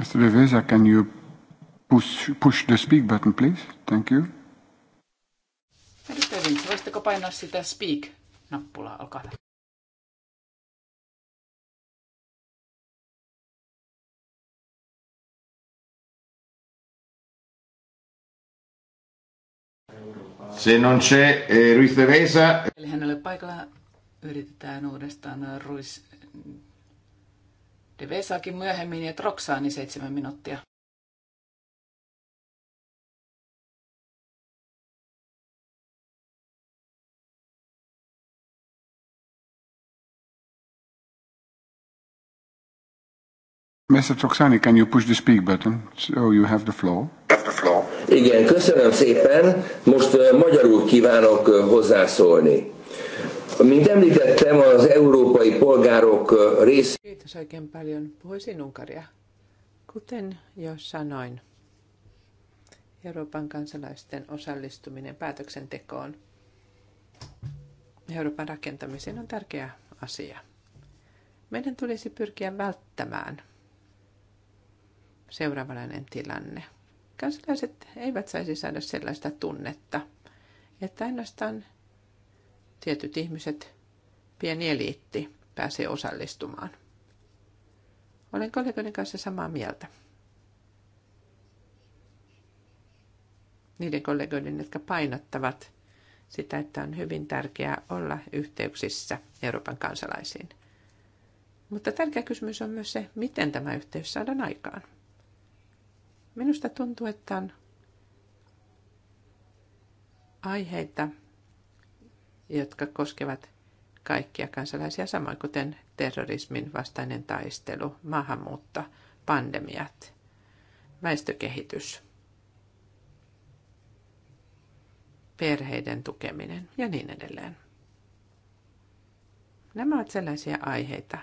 Mr. Bevesa, can you push, push the speak button, please? Thank you. Edustaja Vintsi, voisitteko painaa sitä speak-nappulaa? Olkaa hyvä. Se non c'è eh, Ruiz de Vesa. Eli ole paikalla yritetään uudestaan eh, Ruiz De saakin myöhemmin ja Troksaani seitsemän minuuttia. Mr. Troxani, can you push the speak button so you have the floor? Igen, köszönöm szépen. Most magyarul kívánok hozzászólni. Mint említettem, az európai polgárok részét... Kiitos oikein paljon. Puhuisin Unkaria. Kuten jo sanoin, Euroopan kansalaisten osallistuminen päätöksentekoon Euroopan rakentamiseen on tärkeä asia. Meidän tulisi pyrkiä välttämään seuraavanlainen tilanne. Kansalaiset eivät saisi saada sellaista tunnetta, että ainoastaan tietyt ihmiset, pieni eliitti, pääsee osallistumaan. Olen kollegoiden kanssa samaa mieltä. Niiden kollegoiden, jotka painottavat sitä, että on hyvin tärkeää olla yhteyksissä Euroopan kansalaisiin. Mutta tärkeä kysymys on myös se, miten tämä yhteys saadaan aikaan. Minusta tuntuu, että on aiheita, jotka koskevat kaikkia kansalaisia samoin, kuten terrorismin vastainen taistelu, maahanmuutto, pandemiat, väestökehitys, perheiden tukeminen ja niin edelleen. Nämä ovat sellaisia aiheita,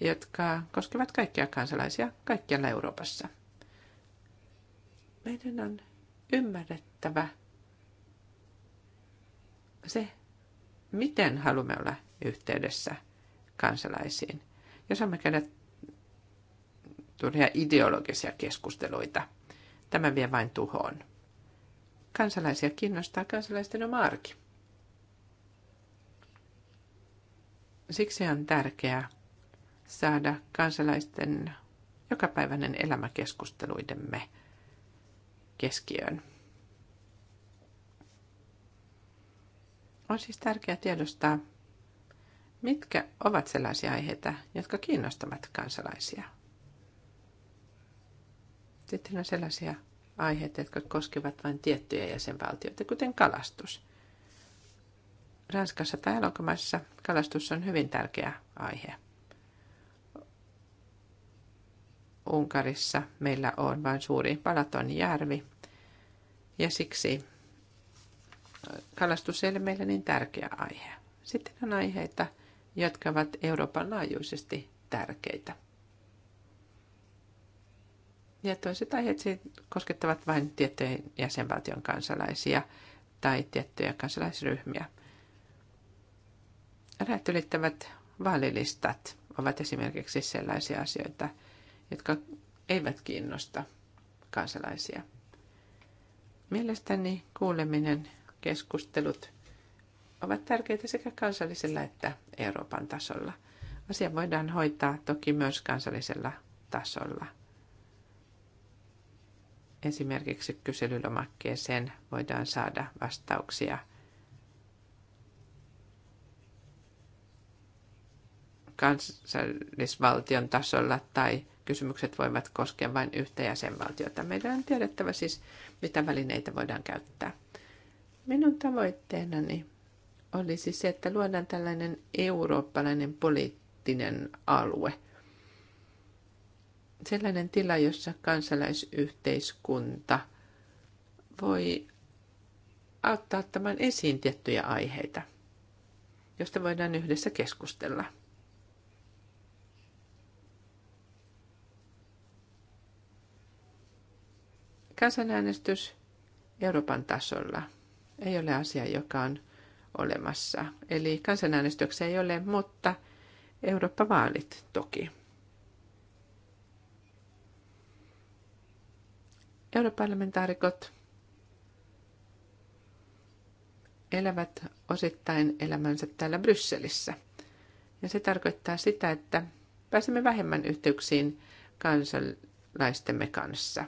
jotka koskevat kaikkia kansalaisia kaikkialla Euroopassa. Meidän on ymmärrettävä, se, miten haluamme olla yhteydessä kansalaisiin. Jos emme käydä turhia ideologisia keskusteluita, tämä vie vain tuhoon. Kansalaisia kiinnostaa kansalaisten oma arki. Siksi on tärkeää saada kansalaisten jokapäiväinen elämä keskusteluidemme keskiöön. On siis tärkeää tiedostaa, mitkä ovat sellaisia aiheita, jotka kiinnostavat kansalaisia. Sitten on sellaisia aiheita, jotka koskevat vain tiettyjä jäsenvaltioita, kuten kalastus. Ranskassa tai Elokomaissa kalastus on hyvin tärkeä aihe. Unkarissa meillä on vain suuri Palaton järvi ja siksi kalastus ei ole meille niin tärkeä aihe. Sitten on aiheita, jotka ovat Euroopan laajuisesti tärkeitä. Ja toiset aiheet koskettavat vain tiettyjen jäsenvaltion kansalaisia tai tiettyjä kansalaisryhmiä. Rajat ylittävät vaalilistat ovat esimerkiksi sellaisia asioita, jotka eivät kiinnosta kansalaisia. Mielestäni kuuleminen keskustelut ovat tärkeitä sekä kansallisella että Euroopan tasolla. Asia voidaan hoitaa toki myös kansallisella tasolla. Esimerkiksi kyselylomakkeeseen voidaan saada vastauksia kansallisvaltion tasolla tai kysymykset voivat koskea vain yhtä jäsenvaltiota. Meidän on tiedettävä siis, mitä välineitä voidaan käyttää. Minun tavoitteenani olisi se, että luodaan tällainen eurooppalainen poliittinen alue. Sellainen tila, jossa kansalaisyhteiskunta voi auttaa ottamaan esiin tiettyjä aiheita, joista voidaan yhdessä keskustella. Kansanäänestys Euroopan tasolla – ei ole asia, joka on olemassa. Eli kansanäänestyksiä ei ole, mutta Eurooppa-vaalit toki. Europarlamentaarikot elävät osittain elämänsä täällä Brysselissä. Ja se tarkoittaa sitä, että pääsemme vähemmän yhteyksiin kansalaistemme kanssa.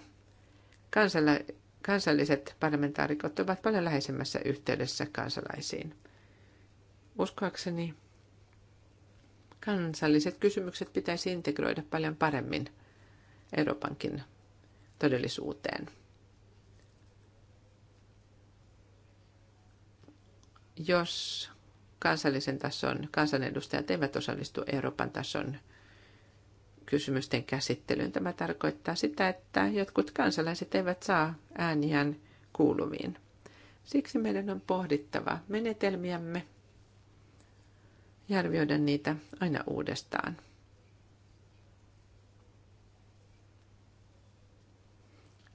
Kansala- kansalliset parlamentaarikot ovat paljon läheisemmässä yhteydessä kansalaisiin. Uskoakseni kansalliset kysymykset pitäisi integroida paljon paremmin Euroopankin todellisuuteen. Jos kansallisen tason kansanedustajat eivät osallistu Euroopan tason kysymysten käsittelyyn. Tämä tarkoittaa sitä, että jotkut kansalaiset eivät saa ääniään kuuluviin. Siksi meidän on pohdittava menetelmiämme ja arvioida niitä aina uudestaan.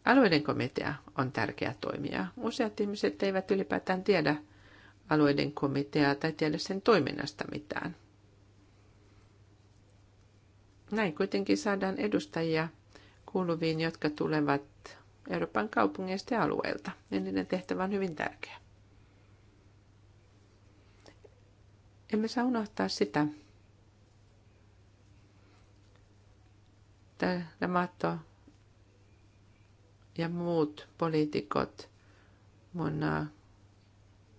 Alueiden komitea on tärkeä toimija. Useat ihmiset eivät ylipäätään tiedä alueiden komiteaa tai tiedä sen toiminnasta mitään. Näin kuitenkin saadaan edustajia kuuluviin, jotka tulevat Euroopan kaupungeista ja alueilta. Ja niiden tehtävä on hyvin tärkeä. Emme saa unohtaa sitä, että Damato ja muut poliitikot vuonna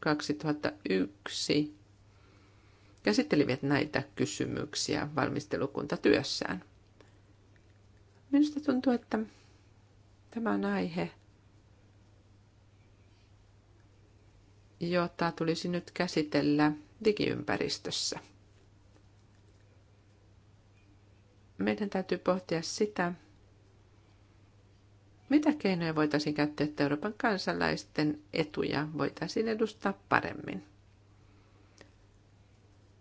2001 käsittelivät näitä kysymyksiä valmistelukuntatyössään. Minusta tuntuu, että tämä on aihe, jota tulisi nyt käsitellä digiympäristössä. Meidän täytyy pohtia sitä, mitä keinoja voitaisiin käyttää, että Euroopan kansalaisten etuja voitaisiin edustaa paremmin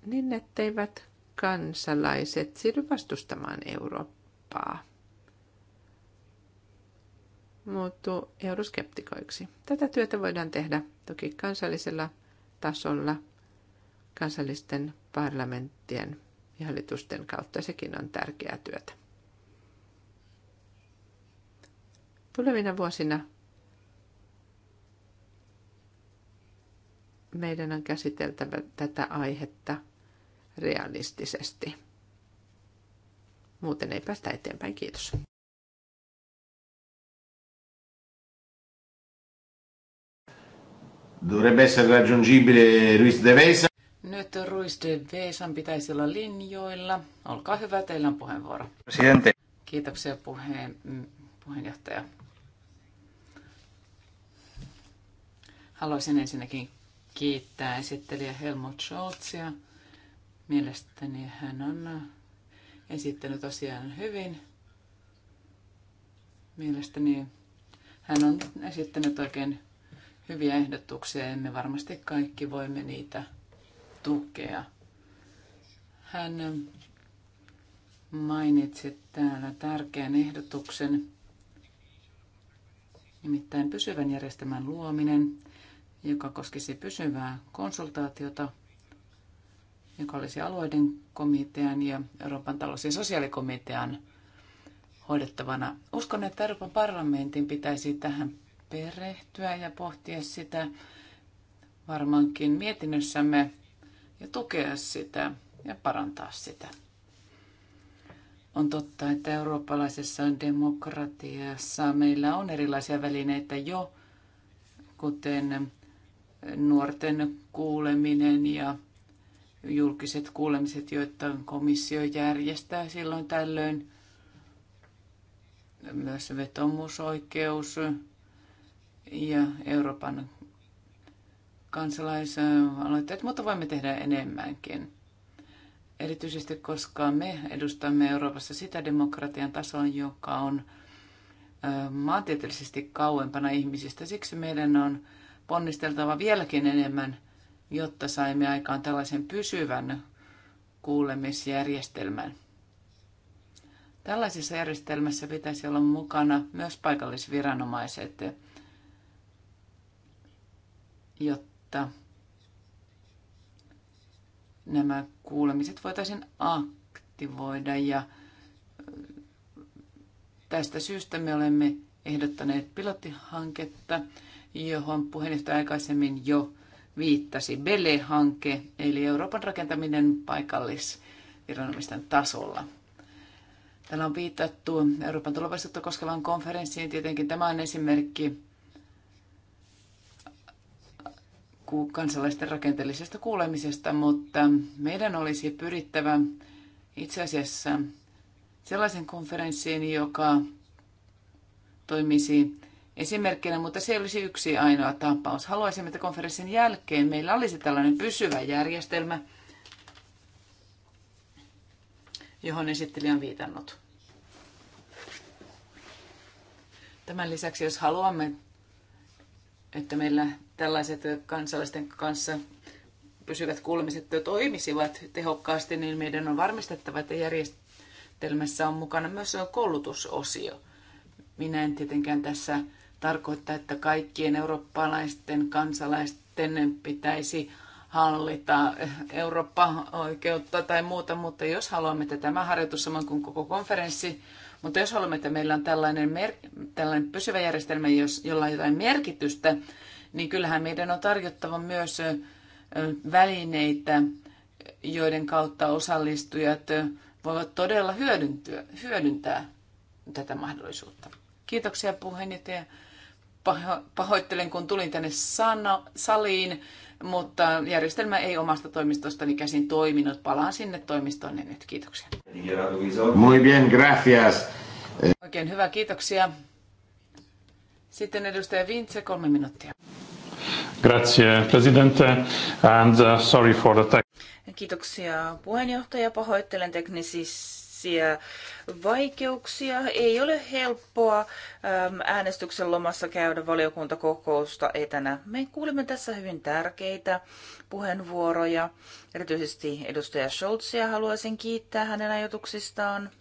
niin etteivät kansalaiset siirry vastustamaan Eurooppaa. Muuttuu euroskeptikoiksi. Tätä työtä voidaan tehdä toki kansallisella tasolla, kansallisten parlamenttien ja hallitusten kautta. Sekin on tärkeää työtä. Tulevina vuosina meidän on käsiteltävä tätä aihetta – realistisesti. Muuten ei päästä eteenpäin. Kiitos. Dovrebbe essere raggiungibile Ruiz de Vesa. Nyt Ruiz de Vesan pitäisi olla linjoilla. Olkaa hyvä, teillä on puheenvuoro. Presidente. Kiitoksia puheen, puheenjohtaja. Haluaisin ensinnäkin kiittää esittelijä Helmut Scholzia Mielestäni hän on esittänyt asian hyvin. Mielestäni hän on esittänyt oikein hyviä ehdotuksia. Emme varmasti kaikki voimme niitä tukea. Hän mainitsi täällä tärkeän ehdotuksen, nimittäin pysyvän järjestelmän luominen, joka koskisi pysyvää konsultaatiota – joka olisi alueiden komitean ja Euroopan talous- ja sosiaalikomitean hoidettavana. Uskon, että Euroopan parlamentin pitäisi tähän perehtyä ja pohtia sitä varmaankin mietinnössämme ja tukea sitä ja parantaa sitä. On totta, että eurooppalaisessa demokratiassa meillä on erilaisia välineitä jo, kuten nuorten kuuleminen ja julkiset kuulemiset, joita komissio järjestää silloin tällöin. Myös vetomusoikeus ja Euroopan kansalaisaloitteet, mutta voimme tehdä enemmänkin. Erityisesti koska me edustamme Euroopassa sitä demokratian tasoa, joka on maantieteellisesti kauempana ihmisistä. Siksi meidän on ponnisteltava vieläkin enemmän – jotta saimme aikaan tällaisen pysyvän kuulemisjärjestelmän. Tällaisessa järjestelmässä pitäisi olla mukana myös paikallisviranomaiset, jotta nämä kuulemiset voitaisiin aktivoida ja tästä syystä me olemme ehdottaneet pilottihanketta, johon puheenjohtaja aikaisemmin jo viittasi BELE-hanke, eli Euroopan rakentaminen paikallisviranomisten tasolla. Täällä on viitattu Euroopan tulevaisuutta koskevaan konferenssiin. Tietenkin tämä on esimerkki kansalaisten rakenteellisesta kuulemisesta, mutta meidän olisi pyrittävä itse asiassa sellaisen konferenssiin, joka toimisi esimerkkinä, mutta se olisi yksi ainoa tapaus. Haluaisimme, että konferenssin jälkeen meillä olisi tällainen pysyvä järjestelmä, johon esittelijä on viitannut. Tämän lisäksi, jos haluamme, että meillä tällaiset kansalaisten kanssa pysyvät kuulemiset toimisivat tehokkaasti, niin meidän on varmistettava, että järjestelmässä on mukana myös koulutusosio. Minä en tietenkään tässä tarkoittaa, että kaikkien eurooppalaisten kansalaisten pitäisi hallita Eurooppa-oikeutta tai muuta, mutta jos haluamme, että tämä harjoitus saman kuin koko konferenssi, mutta jos haluamme, että meillä on tällainen, mer- tällainen pysyvä järjestelmä, jos, jolla on jotain merkitystä, niin kyllähän meidän on tarjottava myös välineitä, joiden kautta osallistujat voivat todella hyödyntää tätä mahdollisuutta. Kiitoksia puheenjohtaja pahoittelen, kun tulin tänne sana, saliin, mutta järjestelmä ei omasta toimistostani käsin toiminut. Palaan sinne toimistoonne nyt. Kiitoksia. Muy bien, gracias. Oikein hyvä, kiitoksia. Sitten edustaja Vince kolme minuuttia. Grazie, presidente, and uh, sorry for the tech. Kiitoksia puheenjohtaja. Pahoittelen teknisistä teknisiä vaikeuksia. Ei ole helppoa äänestyksen lomassa käydä valiokuntakokousta etänä. Me kuulimme tässä hyvin tärkeitä puheenvuoroja. Erityisesti edustaja Scholzia haluaisin kiittää hänen ajatuksistaan.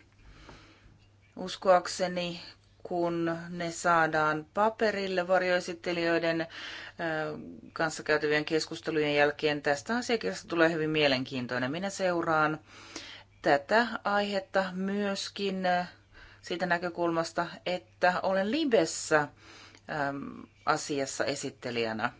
Uskoakseni kun ne saadaan paperille varjoesittelijöiden kanssa käytävien keskustelujen jälkeen. Tästä asiakirjasta tulee hyvin mielenkiintoinen. Minä seuraan tätä aihetta myöskin äh, siitä näkökulmasta, että olen Libessä ähm, asiassa esittelijänä.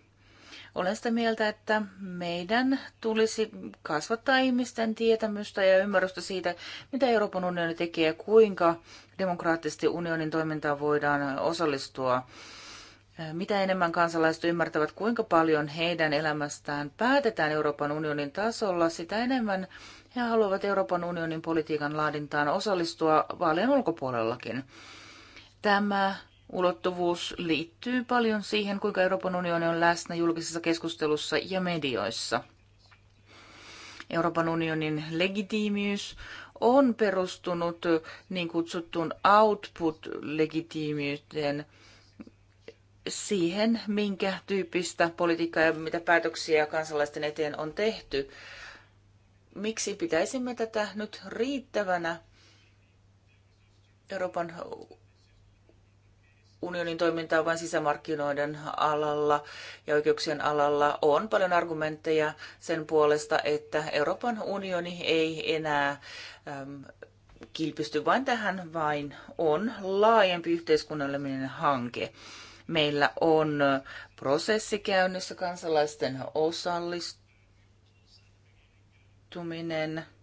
Olen sitä mieltä, että meidän tulisi kasvattaa ihmisten tietämystä ja ymmärrystä siitä, mitä Euroopan unioni tekee ja kuinka demokraattisesti unionin toimintaan voidaan osallistua. Äh, mitä enemmän kansalaiset ymmärtävät, kuinka paljon heidän elämästään päätetään Euroopan unionin tasolla, sitä enemmän he haluavat Euroopan unionin politiikan laadintaan osallistua vaalien ulkopuolellakin. Tämä ulottuvuus liittyy paljon siihen, kuinka Euroopan unioni on läsnä julkisessa keskustelussa ja medioissa. Euroopan unionin legitiimiys on perustunut niin kutsuttuun output-legitiimiyteen, siihen, minkä tyyppistä politiikkaa ja mitä päätöksiä kansalaisten eteen on tehty miksi pitäisimme tätä nyt riittävänä Euroopan unionin toimintaa vain sisämarkkinoiden alalla ja oikeuksien alalla on paljon argumentteja sen puolesta, että Euroopan unioni ei enää äm, kilpisty vain tähän, vain on laajempi yhteiskunnallinen hanke. Meillä on prosessi käynnissä kansalaisten osallistumista muuttuminen –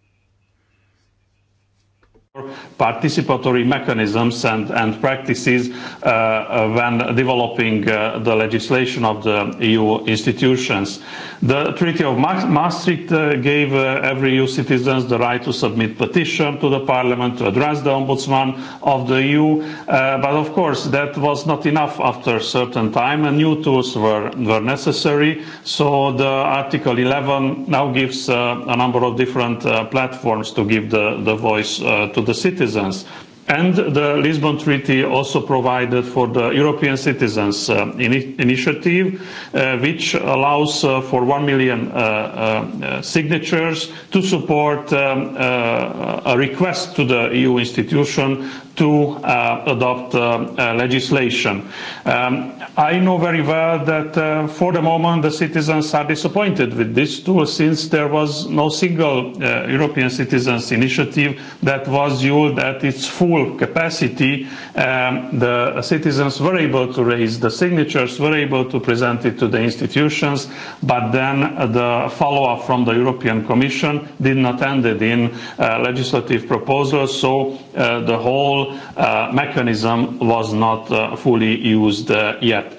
participatory mechanisms and, and practices uh, uh, when developing uh, the legislation of the EU institutions. The Treaty of Maastricht uh, gave uh, every EU citizen the right to submit petition to the Parliament to address the Ombudsman of the EU, uh, but of course that was not enough after a certain time and new tools were, were necessary, so the Article 11 now gives uh, a number of different uh, platforms to give the, the voice uh, to the citizens. And the Lisbon Treaty also provided for the European Citizens uh, in Initiative, uh, which allows uh, for 1 million uh, uh, signatures to support um, uh, a request to the EU institution to uh, adopt uh, uh, legislation. Um, I know very well that uh, for the moment the citizens are disappointed with this tool since there was no single uh, European Citizens Initiative that was used at its full capacity. Um, the citizens were able to raise the signatures, were able to present it to the institutions, but then uh, the follow-up from the European Commission did not end in uh, legislative proposals. So Uh, the whole uh, mechanism was not uh, fully used yet.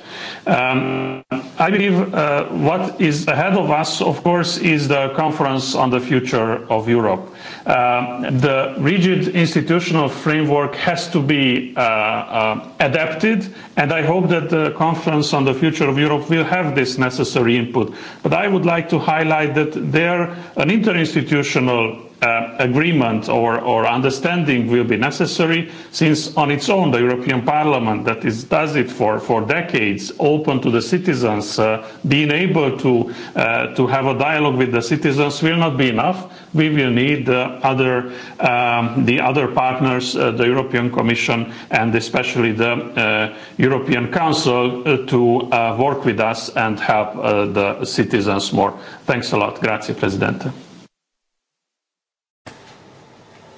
Um, I believe uh, what is ahead of us, of course, is the Conference on the Future of Europe. Uh, the rigid institutional framework has to be uh, uh, adapted, and I hope that the Conference on the Future of Europe will have this necessary input. But I would like to highlight that there an interinstitutional uh, agreement or, or understanding will be necessary, since on its own the European Parliament, that is, does it for, for decades, open to the citizens, uh, being able to, uh, to have a dialogue with the citizens will not be enough. We will need uh, other, um, the other partners, uh, the European Commission and especially the uh, European Council uh, to uh, work with us and help uh, the citizens more. Thanks a lot. Grazie, Presidente.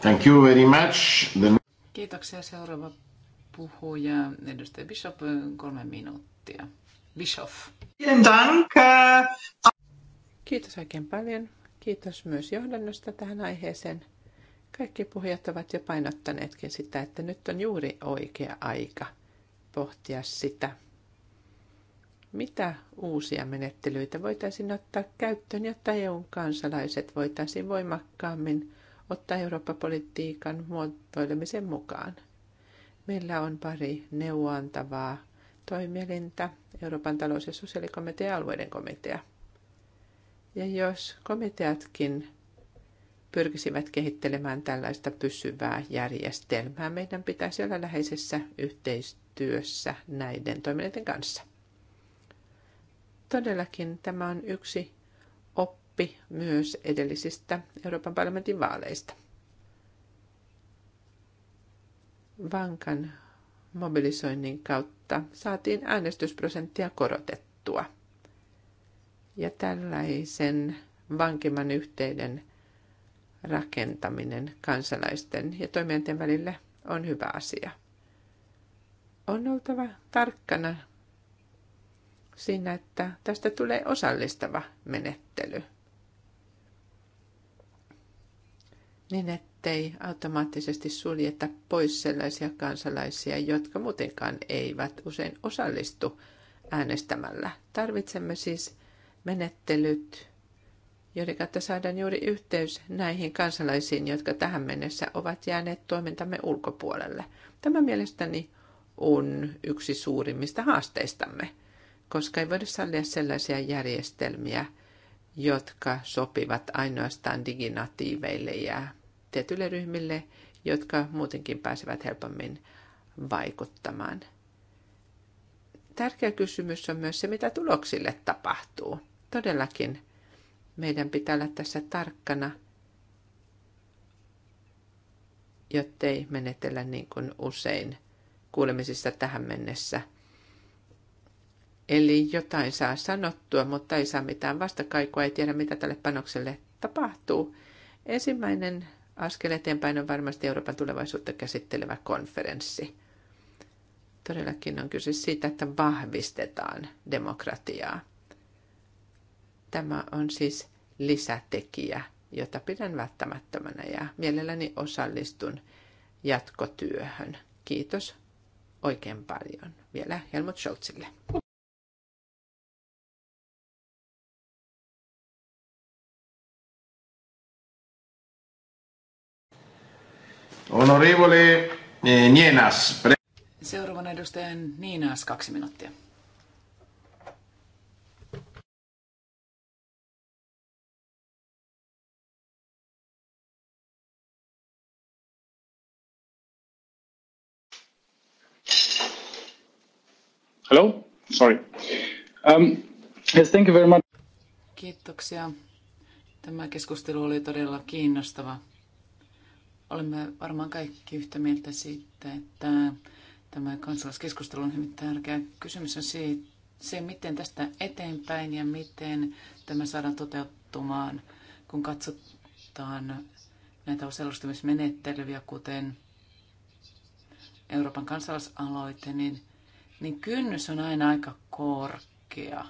Thank you very much. The... Kiitoksia. Seuraava puhuja, edustaja Bishop, kolme minuuttia. bishop. Kiitos oikein paljon. Kiitos myös johdannosta tähän aiheeseen. Kaikki puhujat ovat jo painottaneetkin sitä, että nyt on juuri oikea aika pohtia sitä, mitä uusia menettelyitä voitaisiin ottaa käyttöön, jotta eu kansalaiset voitaisiin voimakkaammin ottaa Eurooppa-politiikan muotoilemisen mukaan. Meillä on pari neuvoantavaa toimielintä, Euroopan talous- ja sosiaalikomitea ja alueiden komitea. Ja jos komiteatkin pyrkisivät kehittelemään tällaista pysyvää järjestelmää, meidän pitäisi olla läheisessä yhteistyössä näiden toimijoiden kanssa. Todellakin tämä on yksi oppi myös edellisistä Euroopan parlamentin vaaleista. Vankan mobilisoinnin kautta saatiin äänestysprosenttia korotettua. Ja tällaisen vankimman yhteyden rakentaminen kansalaisten ja toimijoiden välille on hyvä asia. On oltava tarkkana siinä, että tästä tulee osallistava menettely – niin ettei automaattisesti suljeta pois sellaisia kansalaisia, jotka muutenkaan eivät usein osallistu äänestämällä. Tarvitsemme siis menettelyt, joiden kautta saadaan juuri yhteys näihin kansalaisiin, jotka tähän mennessä ovat jääneet toimintamme ulkopuolelle. Tämä mielestäni on yksi suurimmista haasteistamme, koska ei voida sallia sellaisia järjestelmiä, jotka sopivat ainoastaan diginatiiveille ja tietyille ryhmille, jotka muutenkin pääsevät helpommin vaikuttamaan. Tärkeä kysymys on myös se, mitä tuloksille tapahtuu. Todellakin meidän pitää olla tässä tarkkana, jottei menetellä niin kuin usein kuulemisissa tähän mennessä. Eli jotain saa sanottua, mutta ei saa mitään vastakaikua, ei tiedä mitä tälle panokselle tapahtuu. Ensimmäinen askel eteenpäin on varmasti Euroopan tulevaisuutta käsittelevä konferenssi. Todellakin on kyse siitä, että vahvistetaan demokratiaa. Tämä on siis lisätekijä, jota pidän välttämättömänä ja mielelläni osallistun jatkotyöhön. Kiitos oikein paljon vielä Helmut Scholzille. Onorevole eh, Nienas. Seuraavan edustajan Niinas, kaksi minuuttia. Hello? Sorry. Um, yes, thank you very much. Kiitoksia. Tämä keskustelu oli todella kiinnostava. Olemme varmaan kaikki yhtä mieltä siitä, että tämä kansalaiskeskustelu on hyvin tärkeä. Kysymys on siitä, se, miten tästä eteenpäin ja miten tämä saadaan toteuttumaan, kun katsotaan näitä osallistumismenettelyjä kuten Euroopan kansalaisaloite, niin, niin kynnys on aina aika korkea.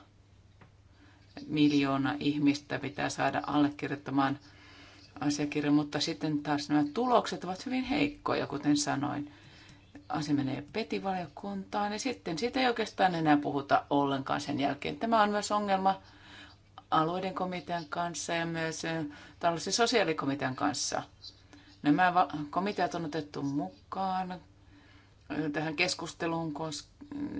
Miljoona ihmistä pitää saada allekirjoittamaan – asiakirja, mutta sitten taas nämä tulokset ovat hyvin heikkoja, kuten sanoin. Asia menee petivaliokuntaan ja sitten siitä ei oikeastaan enää puhuta ollenkaan sen jälkeen. Tämä on myös ongelma alueiden komitean kanssa ja myös tällaisen sosiaalikomitean kanssa. Nämä komiteat on otettu mukaan tähän keskusteluun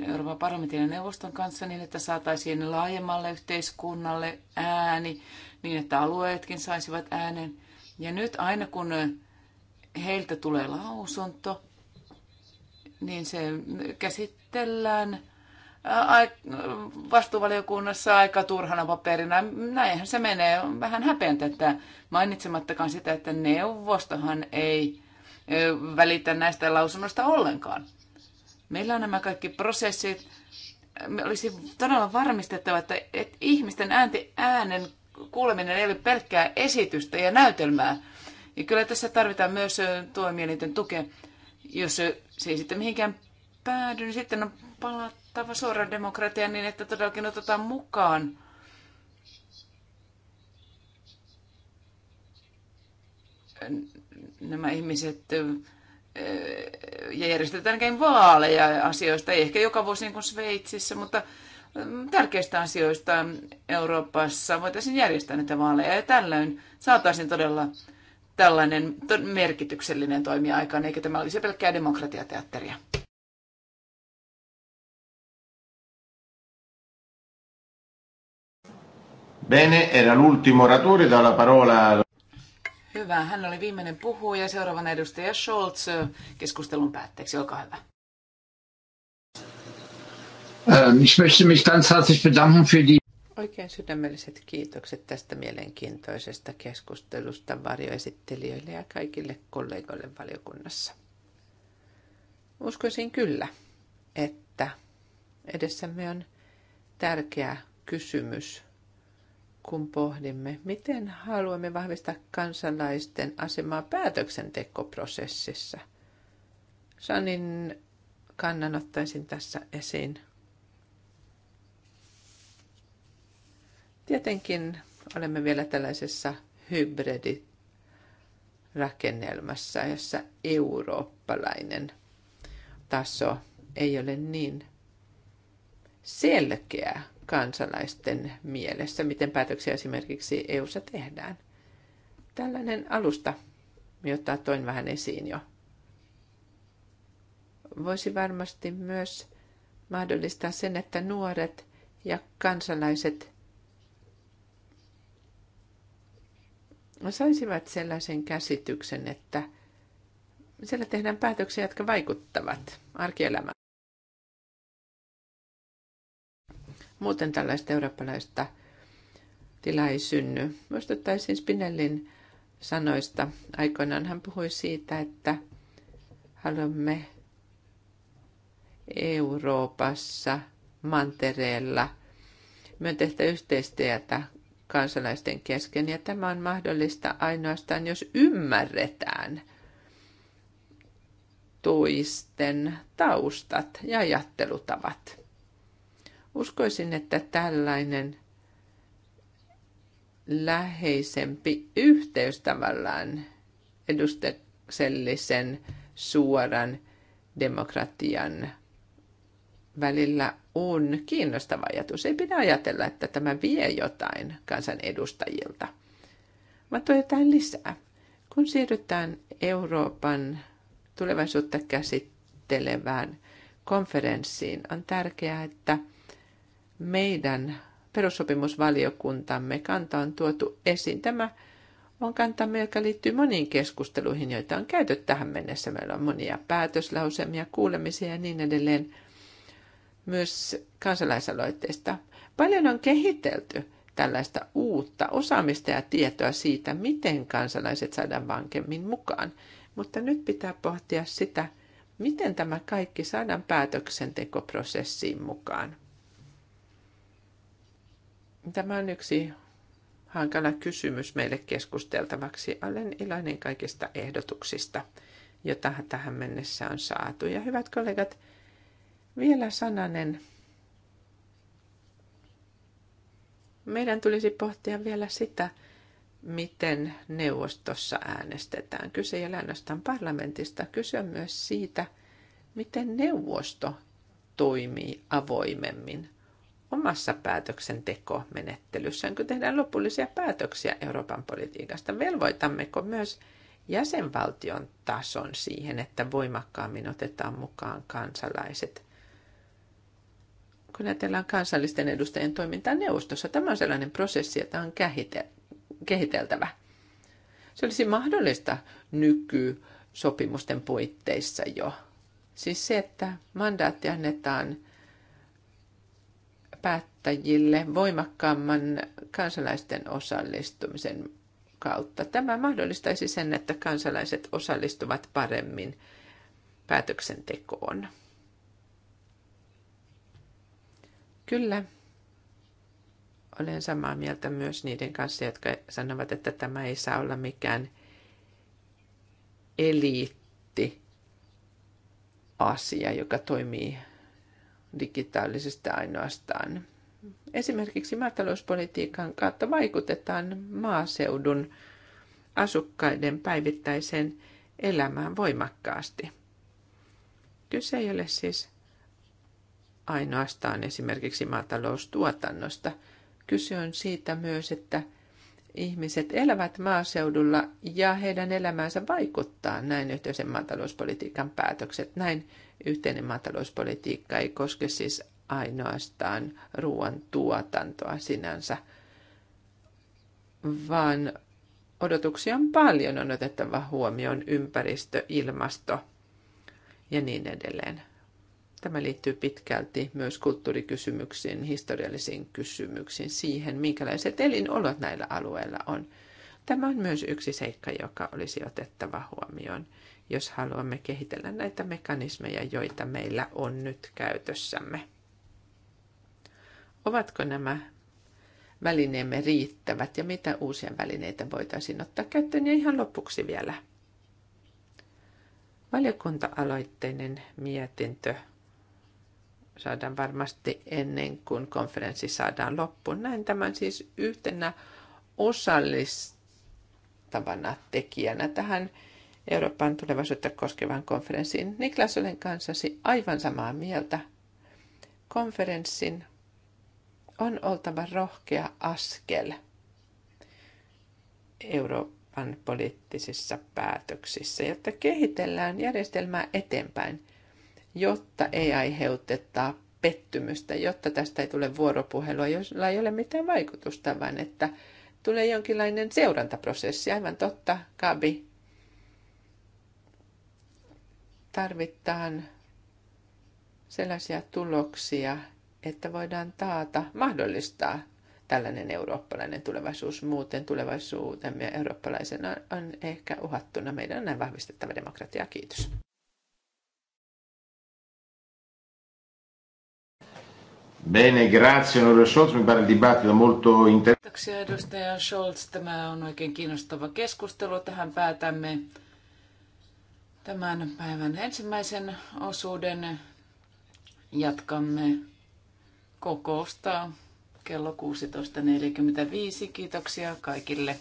Euroopan parlamentin ja neuvoston kanssa niin, että saataisiin laajemmalle yhteiskunnalle ääni niin että alueetkin saisivat äänen. Ja nyt aina kun heiltä tulee lausunto, niin se käsitellään vastuuvaliokunnassa aika turhana paperina. Näinhän se menee. Vähän häpeäntä, että mainitsemattakaan sitä, että neuvostohan ei välitä näistä lausunnoista ollenkaan. Meillä on nämä kaikki prosessit. Me olisi todella varmistettava, että, että ihmisten äänti, äänen kuuleminen ei ole pelkkää esitystä ja näytelmää. Ja kyllä tässä tarvitaan myös toimielinten tukea. Jos se ei sitten mihinkään päädy, niin sitten on palattava suoraan demokratiaan niin, että todellakin otetaan mukaan nämä ihmiset ja järjestetään vaaleja asioista, ei ehkä joka vuosi niin kuin Sveitsissä, mutta tärkeistä asioista Euroopassa voitaisiin järjestää näitä vaaleja. Ja tällöin saataisiin todella tällainen merkityksellinen toimia aikaan, eikä tämä olisi pelkkää demokratiateatteria. Bene, era l'ultimo oratore dalla parola. Hyvä, hän oli viimeinen puhuja. Seuraavana edustaja Scholz keskustelun päätteeksi, olkaa hyvä. Ähm, ich möchte mich ganz herzlich bedanken für die Oikein sydämelliset kiitokset tästä mielenkiintoisesta keskustelusta varjoesittelijöille ja kaikille kollegoille valiokunnassa. Uskoisin kyllä, että edessämme on tärkeä kysymys, kun pohdimme, miten haluamme vahvistaa kansalaisten asemaa päätöksentekoprosessissa. Sanin kannan ottaisin tässä esiin. Tietenkin olemme vielä tällaisessa hybridirakennelmassa, jossa eurooppalainen taso ei ole niin selkeä kansalaisten mielessä, miten päätöksiä esimerkiksi EUssa tehdään. Tällainen alusta, jota toin vähän esiin jo, voisi varmasti myös mahdollistaa sen, että nuoret ja kansalaiset saisivat sellaisen käsityksen, että siellä tehdään päätöksiä, jotka vaikuttavat arkielämään. Muuten tällaista eurooppalaista tilaa ei synny. Muistuttaisin Spinellin sanoista. Aikoinaan hän puhui siitä, että haluamme Euroopassa, mantereella myönteistä yhteistyötä kansalaisten kesken. Ja tämä on mahdollista ainoastaan, jos ymmärretään toisten taustat ja ajattelutavat. Uskoisin, että tällainen läheisempi yhteys tavallaan edustuksellisen suoran demokratian välillä on kiinnostava ajatus. Ei pidä ajatella, että tämä vie jotain kansanedustajilta, vaan tuo jotain lisää. Kun siirrytään Euroopan tulevaisuutta käsittelevään konferenssiin, on tärkeää, että meidän perussopimusvaliokuntamme kanta on tuotu esiin. Tämä on kantamme, joka liittyy moniin keskusteluihin, joita on käyty tähän mennessä. Meillä on monia päätöslausemia, kuulemisia ja niin edelleen myös kansalaisaloitteista. Paljon on kehitelty tällaista uutta osaamista ja tietoa siitä, miten kansalaiset saadaan vankemmin mukaan. Mutta nyt pitää pohtia sitä, miten tämä kaikki saadaan päätöksentekoprosessiin mukaan. Tämä on yksi hankala kysymys meille keskusteltavaksi. Olen iloinen kaikista ehdotuksista, joita tähän mennessä on saatu. Ja hyvät kollegat, vielä sananen. Meidän tulisi pohtia vielä sitä, miten neuvostossa äänestetään. Kyse ei ole ainoastaan parlamentista, kyse on myös siitä, miten neuvosto toimii avoimemmin omassa päätöksentekomenettelyssään, kun tehdään lopullisia päätöksiä Euroopan politiikasta. Velvoitammeko myös jäsenvaltion tason siihen, että voimakkaammin otetaan mukaan kansalaiset kun ajatellaan kansallisten edustajien toimintaa neuvostossa, tämä on sellainen prosessi, jota on kehiteltävä. Se olisi mahdollista nykysopimusten puitteissa jo. Siis se, että mandaatti annetaan päättäjille voimakkaamman kansalaisten osallistumisen kautta. Tämä mahdollistaisi sen, että kansalaiset osallistuvat paremmin päätöksentekoon. Kyllä, olen samaa mieltä myös niiden kanssa, jotka sanovat, että tämä ei saa olla mikään eliitti asia, joka toimii digitaalisesti ainoastaan. Esimerkiksi maatalouspolitiikan kautta vaikutetaan maaseudun asukkaiden päivittäiseen elämään voimakkaasti. Kyse ei ole siis ainoastaan esimerkiksi maataloustuotannosta. Kyse on siitä myös, että ihmiset elävät maaseudulla ja heidän elämäänsä vaikuttaa näin yhteisen maatalouspolitiikan päätökset. Näin yhteinen maatalouspolitiikka ei koske siis ainoastaan ruoan tuotantoa sinänsä, vaan odotuksia on paljon, on otettava huomioon ympäristö, ilmasto ja niin edelleen. Tämä liittyy pitkälti myös kulttuurikysymyksiin, historiallisiin kysymyksiin, siihen, minkälaiset elinolot näillä alueilla on. Tämä on myös yksi seikka, joka olisi otettava huomioon, jos haluamme kehitellä näitä mekanismeja, joita meillä on nyt käytössämme. Ovatko nämä välineemme riittävät ja mitä uusia välineitä voitaisiin ottaa käyttöön ja ihan lopuksi vielä. Valiokunta-aloitteinen mietintö saadaan varmasti ennen kuin konferenssi saadaan loppuun. Näin tämän siis yhtenä osallistavana tekijänä tähän Euroopan tulevaisuutta koskevaan konferenssiin. Niklas, olen kanssasi aivan samaa mieltä. Konferenssin on oltava rohkea askel Euroopan poliittisissa päätöksissä, jotta kehitellään järjestelmää eteenpäin jotta ei aiheuteta pettymystä, jotta tästä ei tule vuoropuhelua, jolla ei ole mitään vaikutusta, vaan että tulee jonkinlainen seurantaprosessi. Aivan totta, Kabi. Tarvitaan sellaisia tuloksia, että voidaan taata, mahdollistaa tällainen eurooppalainen tulevaisuus. Muuten tulevaisuutemme eurooppalaisena on ehkä uhattuna. Meidän on näin vahvistettava demokratiaa. Kiitos. Bene, grazie onorevole Scholz. Mi pare il dibattito molto interessante. Kiitoksia edustaja Scholz. Tämä on oikein kiinnostava keskustelu. Tähän päätämme tämän päivän ensimmäisen osuuden. Jatkamme kokousta kello 16.45. Kiitoksia kaikille.